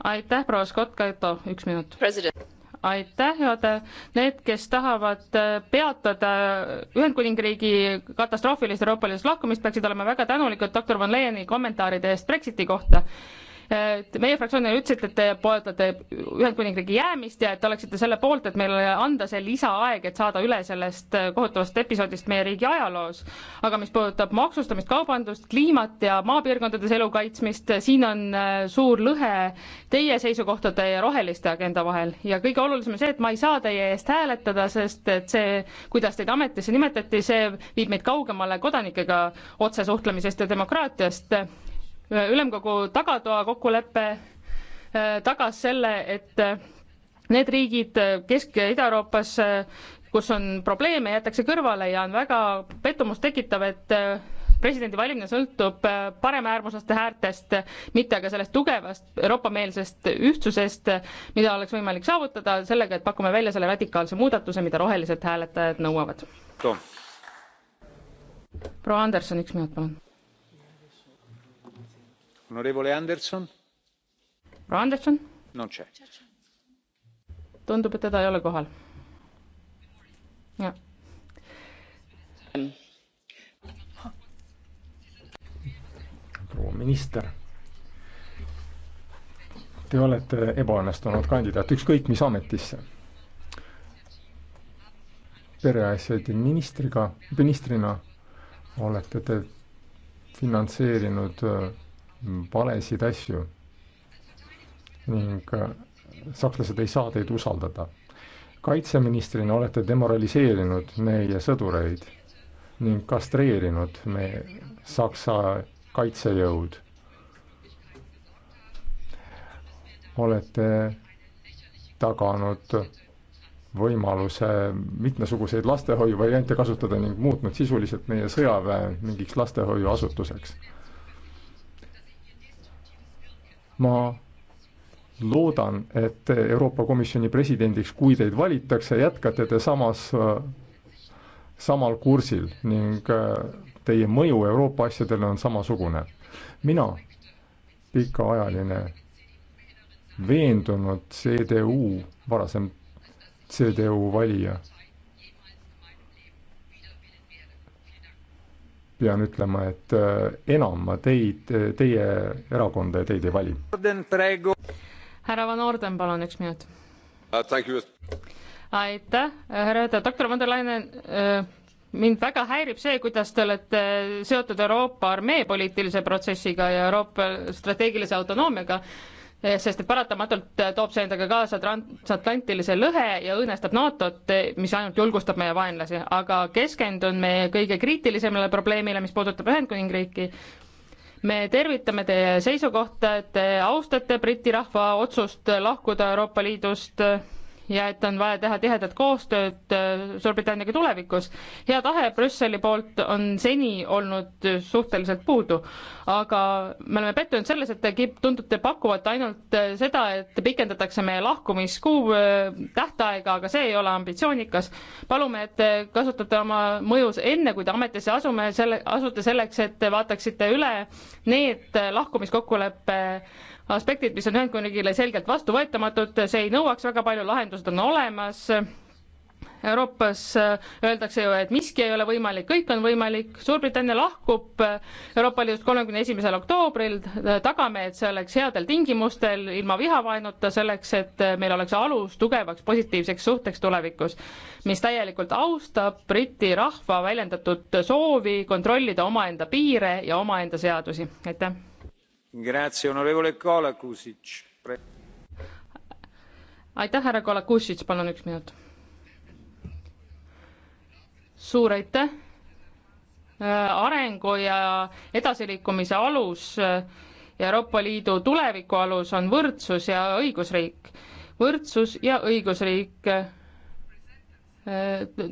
aitäh, proua Scott Cato, üks minut. president aitäh, juhataja. Äh, need, kes tahavad äh, peatada äh, Ühendkuningriigi katastroofilist Euroopa Liidust lahkumist, peaksid olema väga tänulikud doktor Van Leyeni kommentaaride eest Brexiti kohta meie fraktsioonile ütlesite, et te pooldate Ühendkuningriigi jäämist ja et oleksite selle poolt, et meile anda see lisaaeg, et saada üle sellest äh, kohutavast episoodist meie riigi ajaloos. aga mis puudutab maksustamist, kaubandust, kliimat ja maapiirkondades elu kaitsmist, siin on äh, suur lõhe teie seisukohtade ja roheliste agenda vahel ja kõige olulisem on see, et ma ei saa teie eest hääletada, sest et see, kuidas teid ametisse nimetati, see viib meid kaugemale kodanikega otsesuhtlemisest ja demokraatiast ülemkogu tagatoa kokkulepe äh, tagas selle, et äh, need riigid äh, Kesk- ja Ida-Euroopas, kus on probleeme, jäetakse kõrvale ja on väga pettumust tekitav, et presidendivalimine sõltub paremäärmuslaste häältest, mitte aga sellest tugevast Euroopa-meelsest ühtsusest, mida oleks võimalik saavutada sellega, et pakume välja selle radikaalse muudatuse, mida rohelised hääletajad nõuavad. proua Anderson, üks minut, palun proua Anderson? proua Anderson? tundub, et teda ei ole kohal. jah. proua minister. Te olete ebaõnnestunud kandidaat ükskõik mis ametisse pereasjade ministriga, ministrina olete te finantseerinud äh, valesid asju. ning äh, sakslased ei saa teid usaldada. kaitseministrina olete demoraliseerinud meie sõdureid ning kastreerinud me Saksa kaitsejõud. olete taganud võimaluse mitmesuguseid lastehoiuvariante kasutada ning muutnud sisuliselt meie sõjaväe mingiks lastehoiuasutuseks ma loodan, et Euroopa Komisjoni presidendiks, kui teid valitakse, jätkate te samas, samal kursil ning äh, teie mõju Euroopa asjadele on samasugune. mina, pikaajaline veendunud CDU, varasem CDU valija pean ütlema, et äh, enam ma teid, teie erakonda ja teid ei vali. härra Van Orden, palun üks minut uh,. aitäh, härra Jõde, doktor von der Lainen uh,, äh, mind väga häirib see, kuidas te olete seotud Euroopa armee poliitilise protsessiga ja Euroopa strateegilise autonoomiaga uh,, sest et paratamatult toob see endaga kaasa transatlantilise lõhe ja õõnestab NATO-t, mis ainult julgustab meie vaenlasi, aga keskendun meie kõige kriitilisemale probleemile, mis puudutab Ühendkuningriiki. me tervitame teie seisukohta, et te austate Briti rahva otsust lahkuda Euroopa Liidust ja et on vaja teha tihedat koostööd äh, Suurbritanniaga tulevikus. hea tahe Brüsseli poolt on seni olnud suhteliselt puudu, aga me oleme pettunud selles, et te tundute pakkuvat ainult äh, seda, et pikendatakse meie lahkumiskuu äh, tähtaega, aga see ei ole ambitsioonikas. palume, et te kasutate oma mõjus enne, kui te ametisse asume, selle, asute selleks, et te vaataksite üle need lahkumiskokkuleppe aspektid, mis on Ühendkuningile selgelt vastuvõetamatud, see ei nõuaks väga palju, lahendused on olemas. Euroopas äh, öeldakse ju, et miski ei ole võimalik, kõik on võimalik. Suurbritannia lahkub äh, Euroopa Liidust kolmekümne esimesel oktoobril. Äh, tagame, et see oleks headel tingimustel, ilma vihavaenuta, selleks et meil oleks alus tugevaks positiivseks suhteks tulevikus, mis täielikult austab Briti rahva väljendatud soovi kontrollida omaenda piire ja omaenda seadusi. aitäh! aitäh, härra Kolakušitš, palun üks minut. suur aitäh. Äh, arengu ja edasiliikumise alus ja äh, Euroopa Liidu tuleviku alus on võrdsus ja õigusriik. võrdsus ja õigusriik äh,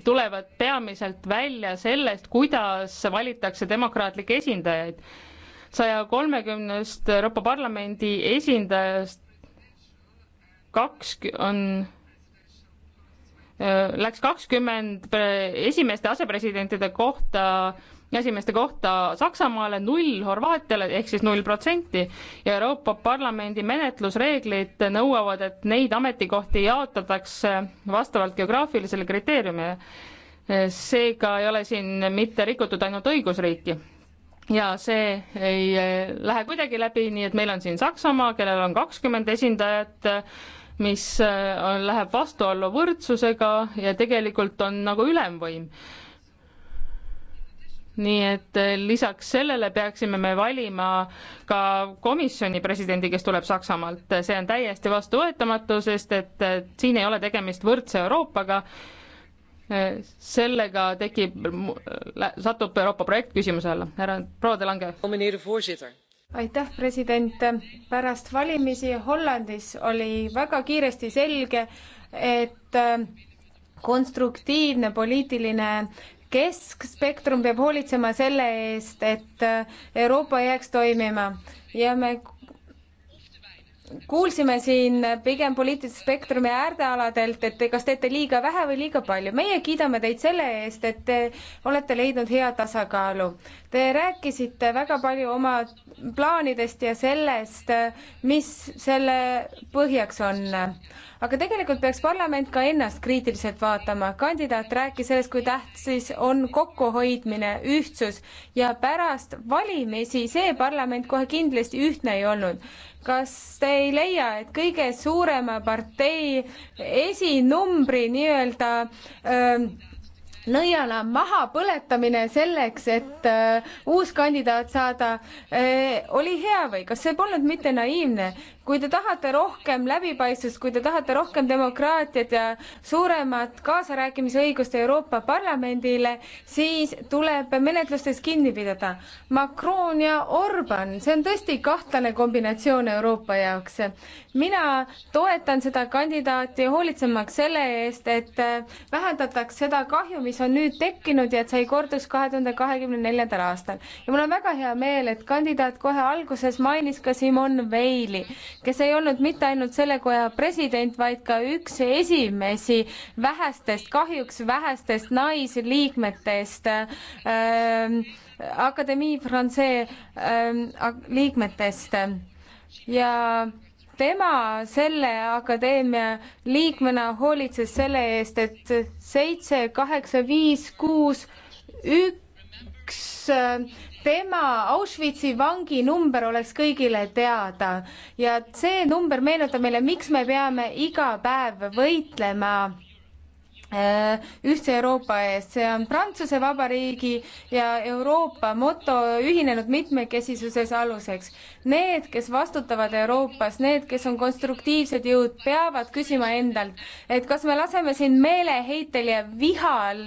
tulevad peamiselt välja sellest, kuidas valitakse demokraatlikke esindajaid saja kolmekümnest Euroopa Parlamendi esindajast kaks on läks kakskümmend esimeste asepresidentide kohta, esimeeste kohta Saksamaale, null Horvaatiale ehk siis null protsenti ja Euroopa Parlamendi menetlusreeglid nõuavad, et neid ametikohti jaotatakse vastavalt geograafilisele kriteeriumile. seega ei ole siin mitte rikutud ainult õigusriiki ja see ei eh, lähe kuidagi läbi, nii et meil on siin Saksamaa, kellel on kakskümmend esindajat, mis eh, on, läheb vastuollu võrdsusega ja tegelikult on nagu ülemvõim. nii et eh, lisaks sellele peaksime me valima ka komisjoni presidendi, kes tuleb Saksamaalt, see on täiesti vastuvõetamatu, sest et siin ei ole tegemist võrdse Euroopaga sellega tekib, satub Euroopa projekt küsimuse alla. härra proua De Lange. aitäh, president. pärast valimisi Hollandis oli väga kiiresti selge, et äh, konstruktiivne poliitiline keskspektrum peab hoolitsema selle eest, et äh, Euroopa jääks toimima ja me kuulsime siin pigem poliitilise spektrumi äärdealadelt, et kas teete liiga vähe või liiga palju. meie kiidame teid selle eest, et te olete leidnud hea tasakaalu. Te rääkisite väga palju oma plaanidest ja sellest, mis selle põhjaks on. aga tegelikult peaks parlament ka ennast kriitiliselt vaatama. kandidaat rääkis sellest, kui tähtis on kokkuhoidmine, ühtsus ja pärast valimisi see parlament kohe kindlasti ühtne ei olnud kas te ei leia, et kõige suurema partei esinumbri nii-öelda öö, ähm, nõiala mahapõletamine selleks, et äh, uus kandidaat saada äh,, oli hea või kas see polnud mitte naiivne? kui te tahate rohkem läbipaistvust, kui te tahate rohkem demokraatiat ja suuremat kaasarääkimisõigust Euroopa Parlamendile, siis tuleb menetlustest kinni pidada. Macron ja Orban, see on tõesti kahtlane kombinatsioon Euroopa jaoks. mina toetan seda kandidaati hoolitsemaks selle eest, et äh, vähendataks seda kahju, mis mis on nüüd tekkinud ja et see ei korduks kahe tuhande kahekümne neljandal aastal. ja mul on väga hea meel, et kandidaat kohe alguses mainis ka Simone Veili, kes ei olnud mitte ainult selle koja president, vaid ka üks esimesi vähestest, kahjuks vähestest naisliikmetest ähm,, Académie Francaise ähm, liikmetest ja tema selle akadeemia liikmena hoolitses selle eest, et seitse, kaheksa, viis, kuus, üks tema Auschwitzi vangi number oleks kõigile teada ja see number meenutab meile, miks me peame iga päev võitlema Äh, ühtse Euroopa eest, see on Prantsuse Vabariigi ja Euroopa moto ühinenud mitmekesisuses aluseks. Need, kes vastutavad Euroopas, need, kes on konstruktiivsed jõud, peavad küsima endalt, et kas me laseme siin meeleheitel ja vihal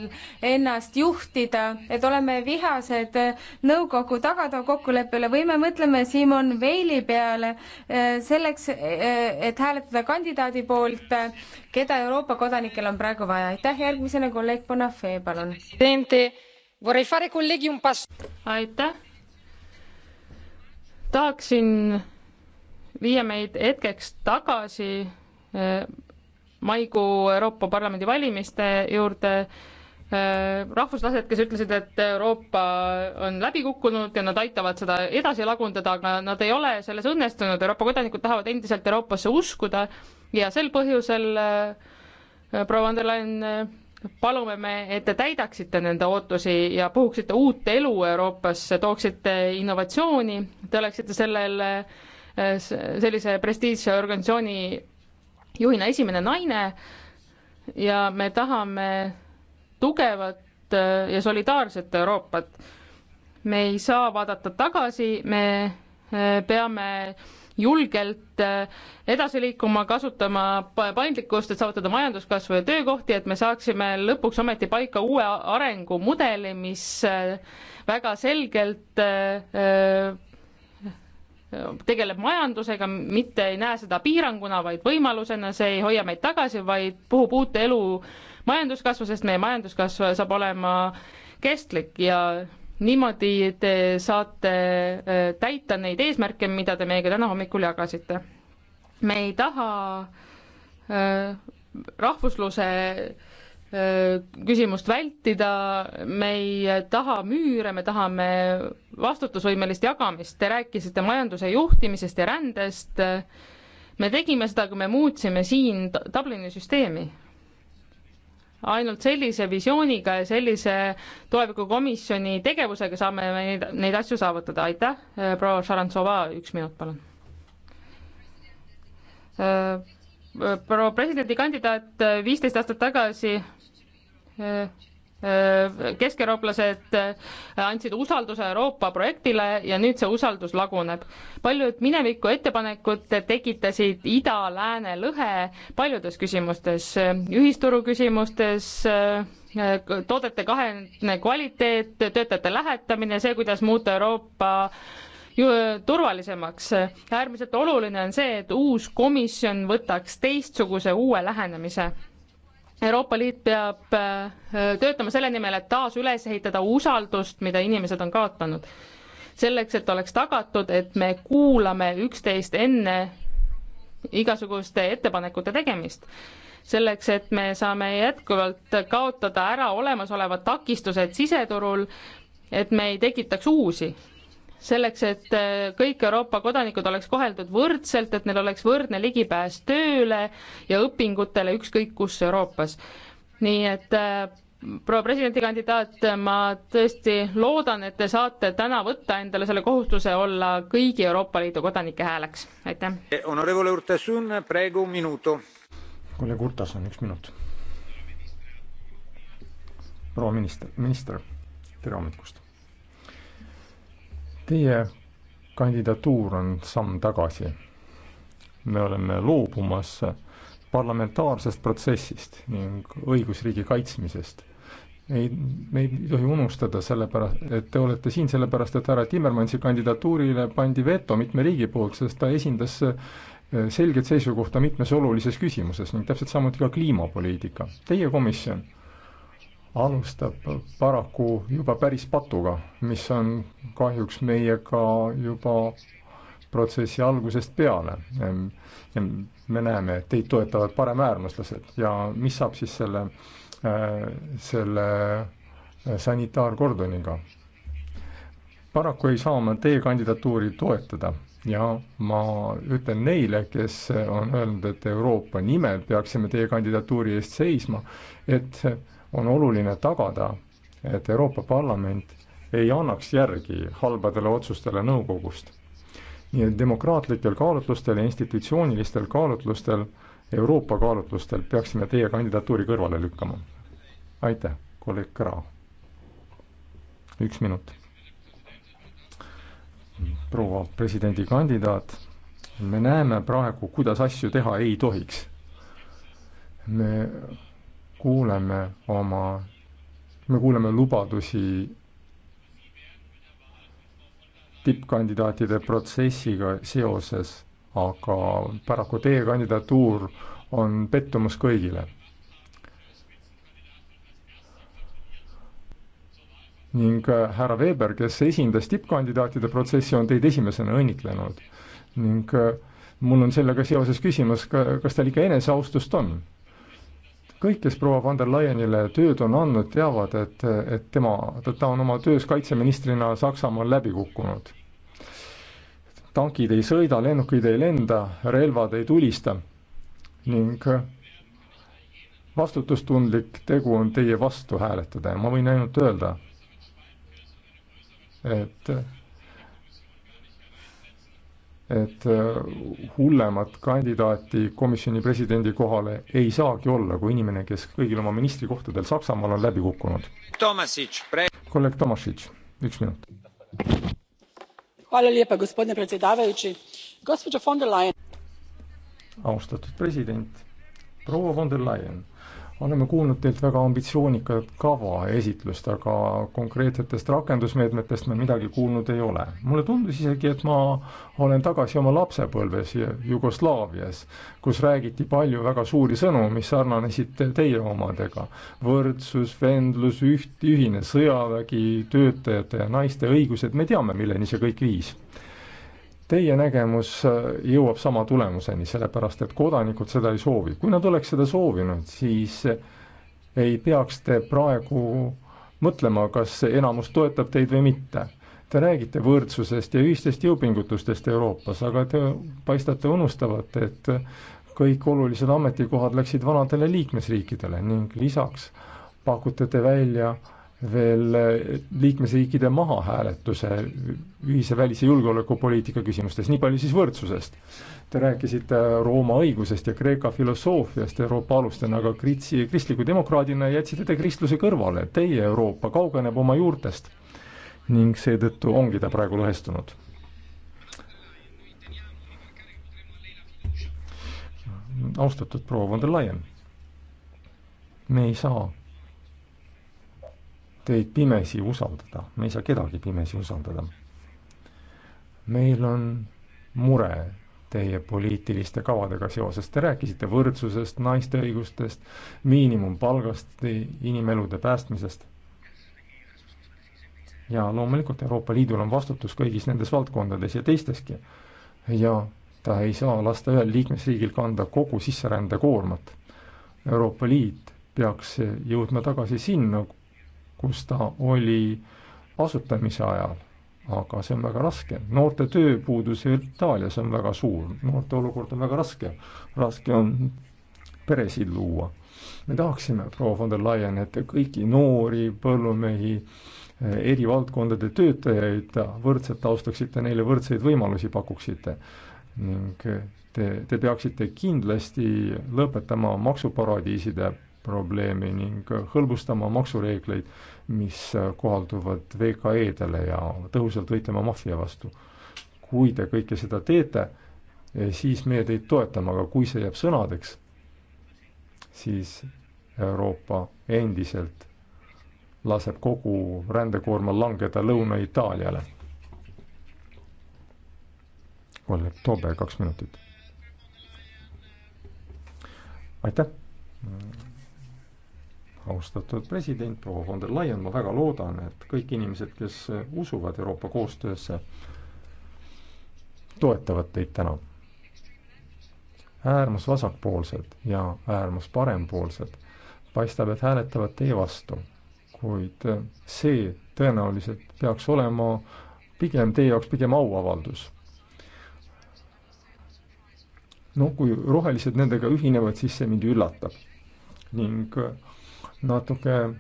ennast juhtida, et oleme vihased nõukogu tagatoa kokkuleppele või me mõtleme Simon Veili peale äh, selleks, äh, et hääletada kandidaadi poolt, keda Euroopa kodanikel on praegu vaja aitäh, järgmisena kolleeg Bonafé, palun. aitäh. tahaksin viia meid hetkeks tagasi eh, maikuu Euroopa Parlamendi valimiste juurde eh, rahvuslased, kes ütlesid, et Euroopa on läbi kukkunud ja nad aitavad seda edasi lagundada, aga nad ei ole selles õnnestunud, Euroopa kodanikud tahavad endiselt Euroopasse uskuda ja sel põhjusel äh, Äh, proua von der Leyen, äh, palume me, et te täidaksite nende ootusi ja puhuksite uut elu Euroopasse, tooksite innovatsiooni, te oleksite sellel, äh, sellise prestiižse organisatsiooni juhina esimene naine ja me tahame tugevat ja solidaarset Euroopat. me ei saa vaadata tagasi, me peame julgelt äh, edasi liikuma, kasutama paindlikkust, et saavutada majanduskasvu ja töökohti, et me saaksime lõpuks ometi paika uue arengumudeli, mis äh, väga selgelt äh, tegeleb majandusega, mitte ei näe seda piiranguna, vaid võimalusena, see ei hoia meid tagasi, vaid puhub uut elu majanduskasvu, sest meie majanduskasv saab olema kestlik ja niimoodi te saate äh, täita neid eesmärke, mida te meiega täna hommikul jagasite. me ei taha äh, rahvusluse äh, küsimust vältida, me ei taha müüre, me tahame vastutusvõimelist jagamist, te rääkisite majanduse juhtimisest ja rändest, me tegime seda, kui me muutsime siin Dublini süsteemi ainult sellise visiooniga ja sellise tulevikukomisjoni tegevusega saame me neid, neid asju saavutada, aitäh, äh, proua Šarantsova, üks minut, palun. Äh, äh, proua presidendikandidaat viisteist aastat tagasi Äh, keskeuroopalased äh, andsid usalduse Euroopa projektile ja nüüd see usaldus laguneb. paljud mineviku ettepanekud tekitasid ida-lääne lõhe paljudes küsimustes, äh, ühisturu küsimustes, toodete kahene kvaliteet, töötajate lähetamine, see, kuidas muuta Euroopa ju turvalisemaks. äärmiselt oluline on see, et uus komisjon võtaks teistsuguse uue lähenemise Euroopa Liit peab äh, töötama selle nimel, et taas üles ehitada usaldust, mida inimesed on kaotanud. selleks, et oleks tagatud, et me kuulame üksteist enne igasuguste ettepanekute tegemist. selleks, et me saame jätkuvalt kaotada ära olemasolevad takistused siseturul, et me ei tekitaks uusi selleks, et äh, kõik Euroopa kodanikud oleks koheldud võrdselt, et neil oleks võrdne ligipääs tööle ja õpingutele ükskõik kus Euroopas. nii et äh, proua presidendikandidaat, ma tõesti loodan, et te saate täna võtta endale selle kohustuse olla kõigi Euroopa Liidu kodanike hääleks, aitäh. Eh, kolleeg Urtas on üks minut. proua minister, minister, tere hommikust Teie kandidatuur on samm tagasi. me oleme loobumas parlamentaarsest protsessist ning õigusriigi kaitsmisest. ei, me ei tohi unustada sellepärast, et te olete siin sellepärast, et härra Timmermansi kandidatuurile pandi veto mitme riigi poolt, sest ta esindas eh, selget seisukohta mitmes olulises küsimuses ning täpselt samuti ka kliimapoliitika. Teie komisjon alustab paraku juba päris patuga, mis on kahjuks meiega juba protsessi algusest peale. me näeme, et teid toetavad paremäärmuslased ja mis saab siis selle, äh, selle äh, sanitaarkordoniga? paraku ei saa ma teie kandidatuuri toetada ja ma ütlen neile, kes on öelnud, et Euroopa nimel peaksime teie kandidatuuri eest seisma, et on oluline tagada, et Euroopa Parlament ei annaks järgi halbadele otsustele nõukogust. nii et demokraatlikel kaalutlustel ja institutsioonilistel kaalutlustel, Euroopa kaalutlustel peaksime teie kandidatuuri kõrvale lükkama. aitäh, kolleeg Kõra. üks minut. proua presidendikandidaat, me näeme praegu, kuidas asju teha ei tohiks. me kuuleme oma, me kuuleme lubadusi tippkandidaatide protsessiga seoses, aga paraku teie kandidatuur on pettumus kõigile. ning äh, härra Weber, kes esindas tippkandidaatide protsessi, on teid esimesena õnnitlenud ning äh, mul on sellega seoses küsimus, kas tal ikka eneseaustust on? kõik, kes proua von der Leyenile tööd on andnud, teavad, et, et tema, ta on oma töös kaitseministrina Saksamaal läbi kukkunud. tankid ei sõida, lennukid ei lenda, relvad ei tulista ning vastutustundlik tegu on teie vastu hääletada ja ma võin ainult öelda, et et äh, hullemat kandidaati komisjoni presidendi kohale ei saagi olla, kui inimene, kes kõigil oma ministrikohtadel Saksamaal on läbi kukkunud. kolleeg Tomašič, üks minut. austatud president, proua von der Leyen oleme kuulnud teilt väga ambitsioonikat kava esitlust, aga konkreetsetest rakendusmeetmetest me midagi kuulnud ei ole. mulle tundus isegi, et ma olen tagasi oma lapsepõlves Jugoslaavias, kus räägiti palju väga suuri sõnu, mis sarnanesid teie omadega. võrdsus, vendlus, üht, ühine sõjavägi, töötajate ja naiste õigused, me teame, milleni see kõik viis teie nägemus äh, jõuab sama tulemuseni, sellepärast et kodanikud seda ei soovi. kui nad oleks seda soovinud, siis äh, ei peaks te praegu mõtlema, kas enamus toetab teid või mitte. Te räägite võrdsusest ja ühistest jõupingutustest Euroopas, aga te paistate unustavat, et äh, kõik olulised ametikohad läksid vanadele liikmesriikidele ning lisaks pakute te välja äh, veel liikmesriikide mahahääletuse ühise välis- ja julgeolekupoliitika küsimustes, nii palju siis võrdsusest. Te rääkisite Rooma õigusest ja Kreeka filosoofiast Euroopa alustena, aga kritsi, kristliku demokraadina jätsite te kristluse kõrvale, teie Euroopa kaugeneb oma juurtest ning seetõttu ongi ta praegu lõhestunud. austatud proua von der Leyen, me ei saa teid pimesi usaldada, me ei saa kedagi pimesi usaldada. meil on mure teie poliitiliste kavadega seoses, te rääkisite võrdsusest, naiste õigustest, miinimumpalgast, inimelude päästmisest. ja loomulikult Euroopa Liidul on vastutus kõigis nendes valdkondades ja teisteski. ja ta ei saa lasta ühel liikmesriigil kanda kogu sisserände koormat. Euroopa Liit peaks jõudma tagasi sinna, kus ta oli asutamise ajal, aga see on väga raske. noorte tööpuudus Itaalias on väga suur, noorte olukord on väga raske. raske on peresid luua. me tahaksime, proua von der Leyen, et kõiki noori põllumehi, eri valdkondade töötajaid võrdselt austaksite, neile võrdseid võimalusi pakuksite ning te, te peaksite kindlasti lõpetama maksuparadiiside probleemi ning hõlbustama maksureegleid, mis kohalduvad VKE-dele ja tõhusalt võitlema maffia vastu. kui te kõike seda teete, siis meie teid toetame, aga kui see jääb sõnadeks, siis Euroopa endiselt laseb kogu rändekoormal langeda Lõuna-Itaaliale. kolleeg Toobe, kaks minutit. aitäh! austatud president, proua von der Leyen, ma väga loodan, et kõik inimesed, kes usuvad Euroopa koostöösse, toetavad teid täna. äärmusvasakpoolsed ja äärmusparempoolsed paistab, et hääletavad teie vastu, kuid see tõenäoliselt peaks olema pigem teie jaoks pigem auavaldus noh, kui rohelised nendega ühinevad, siis see mind üllatab. ning natuke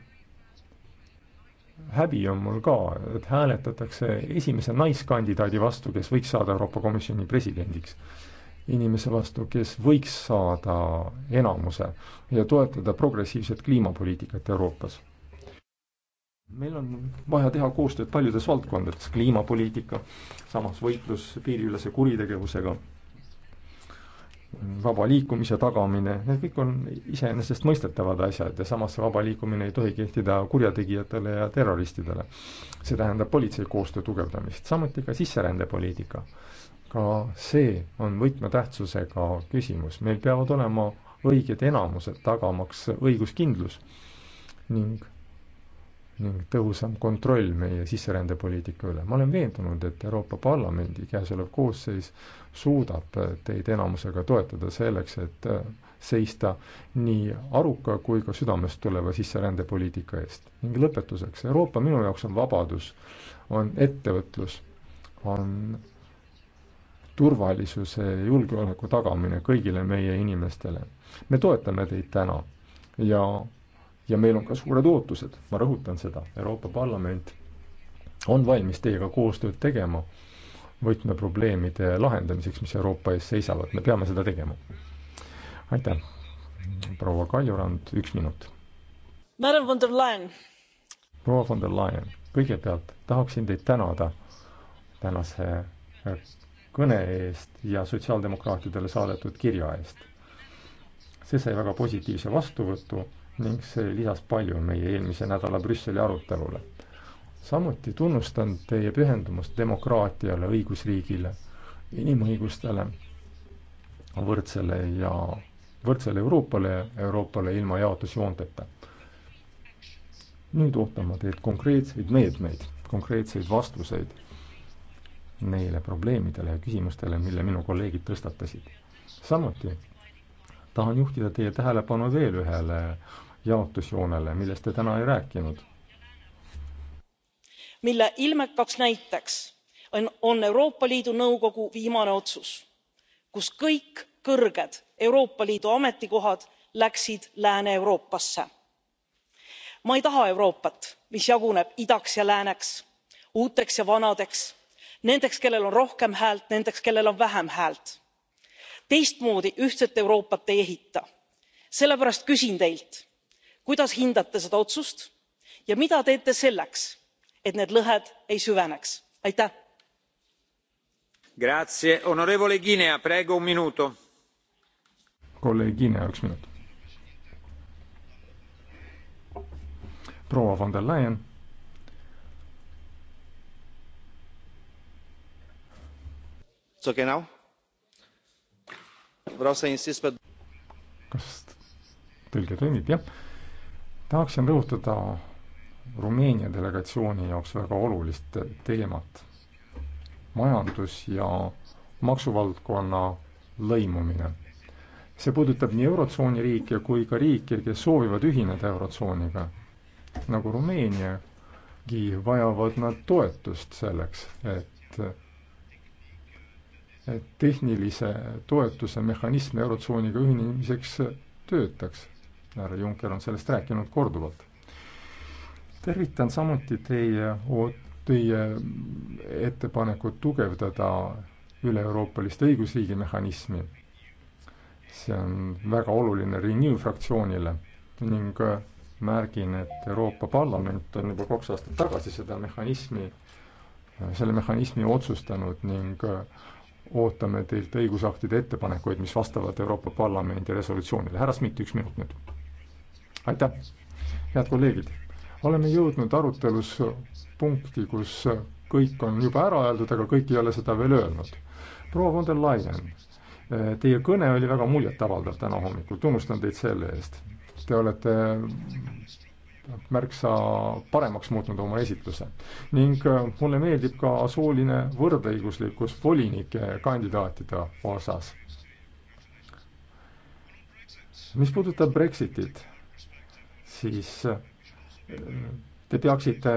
häbi on mul ka, et hääletatakse esimese naiskandidaadi vastu, kes võiks saada Euroopa Komisjoni presidendiks. inimese vastu, kes võiks saada enamuse ja toetada progressiivset kliimapoliitikat Euroopas. meil on vaja teha koostööd paljudes valdkondades, kliimapoliitika, samas võitlus piiriülese kuritegevusega vaba liikumise tagamine, need kõik on iseenesestmõistetavad asjad ja samas see vaba liikumine ei tohi kehtida kurjategijatele ja terroristidele. see tähendab politsei koostöö tugevdamist, samuti ka sisserändepoliitika. ka see on võtmetähtsusega küsimus, meil peavad olema õiged enamused, tagamaks õiguskindlus ning ning tõhusam kontroll meie sisserändepoliitika üle. ma olen veendunud, et Euroopa Parlamendi käesolev koosseis suudab teid enamusega toetada selleks, et seista nii aruka kui ka südamest tuleva sisserändepoliitika eest. ning lõpetuseks, Euroopa minu jaoks on vabadus, on ettevõtlus, on turvalisuse ja julgeoleku tagamine kõigile meie inimestele. me toetame teid täna ja ja meil on ka suured ootused, ma rõhutan seda, Euroopa Parlament on valmis teiega koostööd tegema võtmeprobleemide lahendamiseks, mis Euroopa ees seisavad, me peame seda tegema. aitäh, proua Kaljurand, üks minut. proua von der Leyen, kõigepealt tahaksin teid tänada tänase kõne eest ja sotsiaaldemokraatidele saadetud kirja eest see sai väga positiivse vastuvõtu ning see lisas palju meie eelmise nädala Brüsseli arutelule. samuti tunnustan teie pühendumust demokraatiale, õigusriigile, inimõigustele, võrdsele ja, võrdsele Euroopale, Euroopale ilma jaotusjoonteta. nüüd ootame teilt konkreetseid meetmeid, konkreetseid vastuseid neile probleemidele ja küsimustele, mille minu kolleegid tõstatasid. samuti tahan juhtida teie tähelepanu veel ühele jaotusjoonele, millest te täna ei rääkinud. mille ilmekaks näiteks on, on Euroopa Liidu Nõukogu viimane otsus, kus kõik kõrged Euroopa Liidu ametikohad läksid Lääne-Euroopasse. ma ei taha Euroopat, mis jaguneb idaks ja lääneks, uuteks ja vanadeks, nendeks, kellel on rohkem häält, nendeks, kellel on vähem häält teistmoodi ühtset euroopat ei ehita. sellepärast küsin teilt kuidas hindate seda otsust ja mida teete selleks et need lõhed ei süveneks? proua von der leyen so genau? kas tõlge toimib, jah? tahaksin rõhutada Rumeenia delegatsiooni jaoks väga olulist teemat. majandus- ja maksuvaldkonna lõimumine. see puudutab nii Eurotsooni riike kui ka riike, kes soovivad ühineda Eurotsooniga. nagu Rumeeniagi vajavad nad toetust selleks, et tehnilise toetuse mehhanism Eurotsooniga ühinemiseks töötaks. härra Juncker on sellest rääkinud korduvalt. tervitan samuti teie, teie ettepanekut tugevdada üle-euroopalist õigusriigi mehhanismi. see on väga oluline Renew fraktsioonile ning märgin, et Euroopa Parlament on juba kaks aastat tagasi seda mehhanismi, selle mehhanismi otsustanud ning äh, ootame teilt õigusaktide ettepanekuid, mis vastavad Euroopa Parlamendi resolutsioonile. härra Schmidt, üks minut nüüd. aitäh, head kolleegid. oleme jõudnud arutelus punkti, kus kõik on juba ära öeldud, aga kõik ei ole seda veel öelnud. proua von der Leyen, teie kõne oli väga muljetavaldav täna hommikul, tunnustan teid selle eest. Te olete märksa paremaks muutnud oma esitluse. ning äh, mulle meeldib ka sooline võrdõiguslikkus volinike kandidaatide osas. mis puudutab Brexitit, siis äh, te peaksite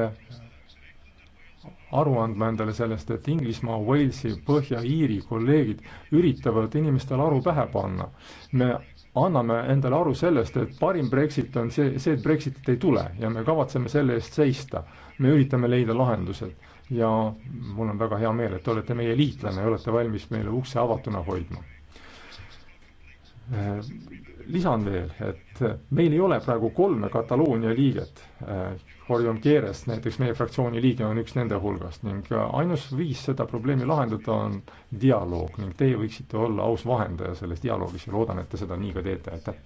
aru andma endale sellest, et Inglismaa, Walesi, Põhja-Iiri kolleegid üritavad inimestele aru pähe panna. me anname endale aru sellest, et parim Brexit on see, see, et Brexitit ei tule ja me kavatseme selle eest seista. me üritame leida lahendused ja mul on väga hea meel, et te olete meie liitlane ja olete valmis meile ukse avatuna hoidma. lisan veel, et meil ei ole praegu kolme Kataloonia liiget Orion Keeres, näiteks meie fraktsiooni liige, on üks nende hulgast ning äh, ainus viis seda probleemi lahendada on dialoog ning teie võiksite olla aus vahendaja selles dialoogis ja loodan, et te seda nii ka teete, aitäh!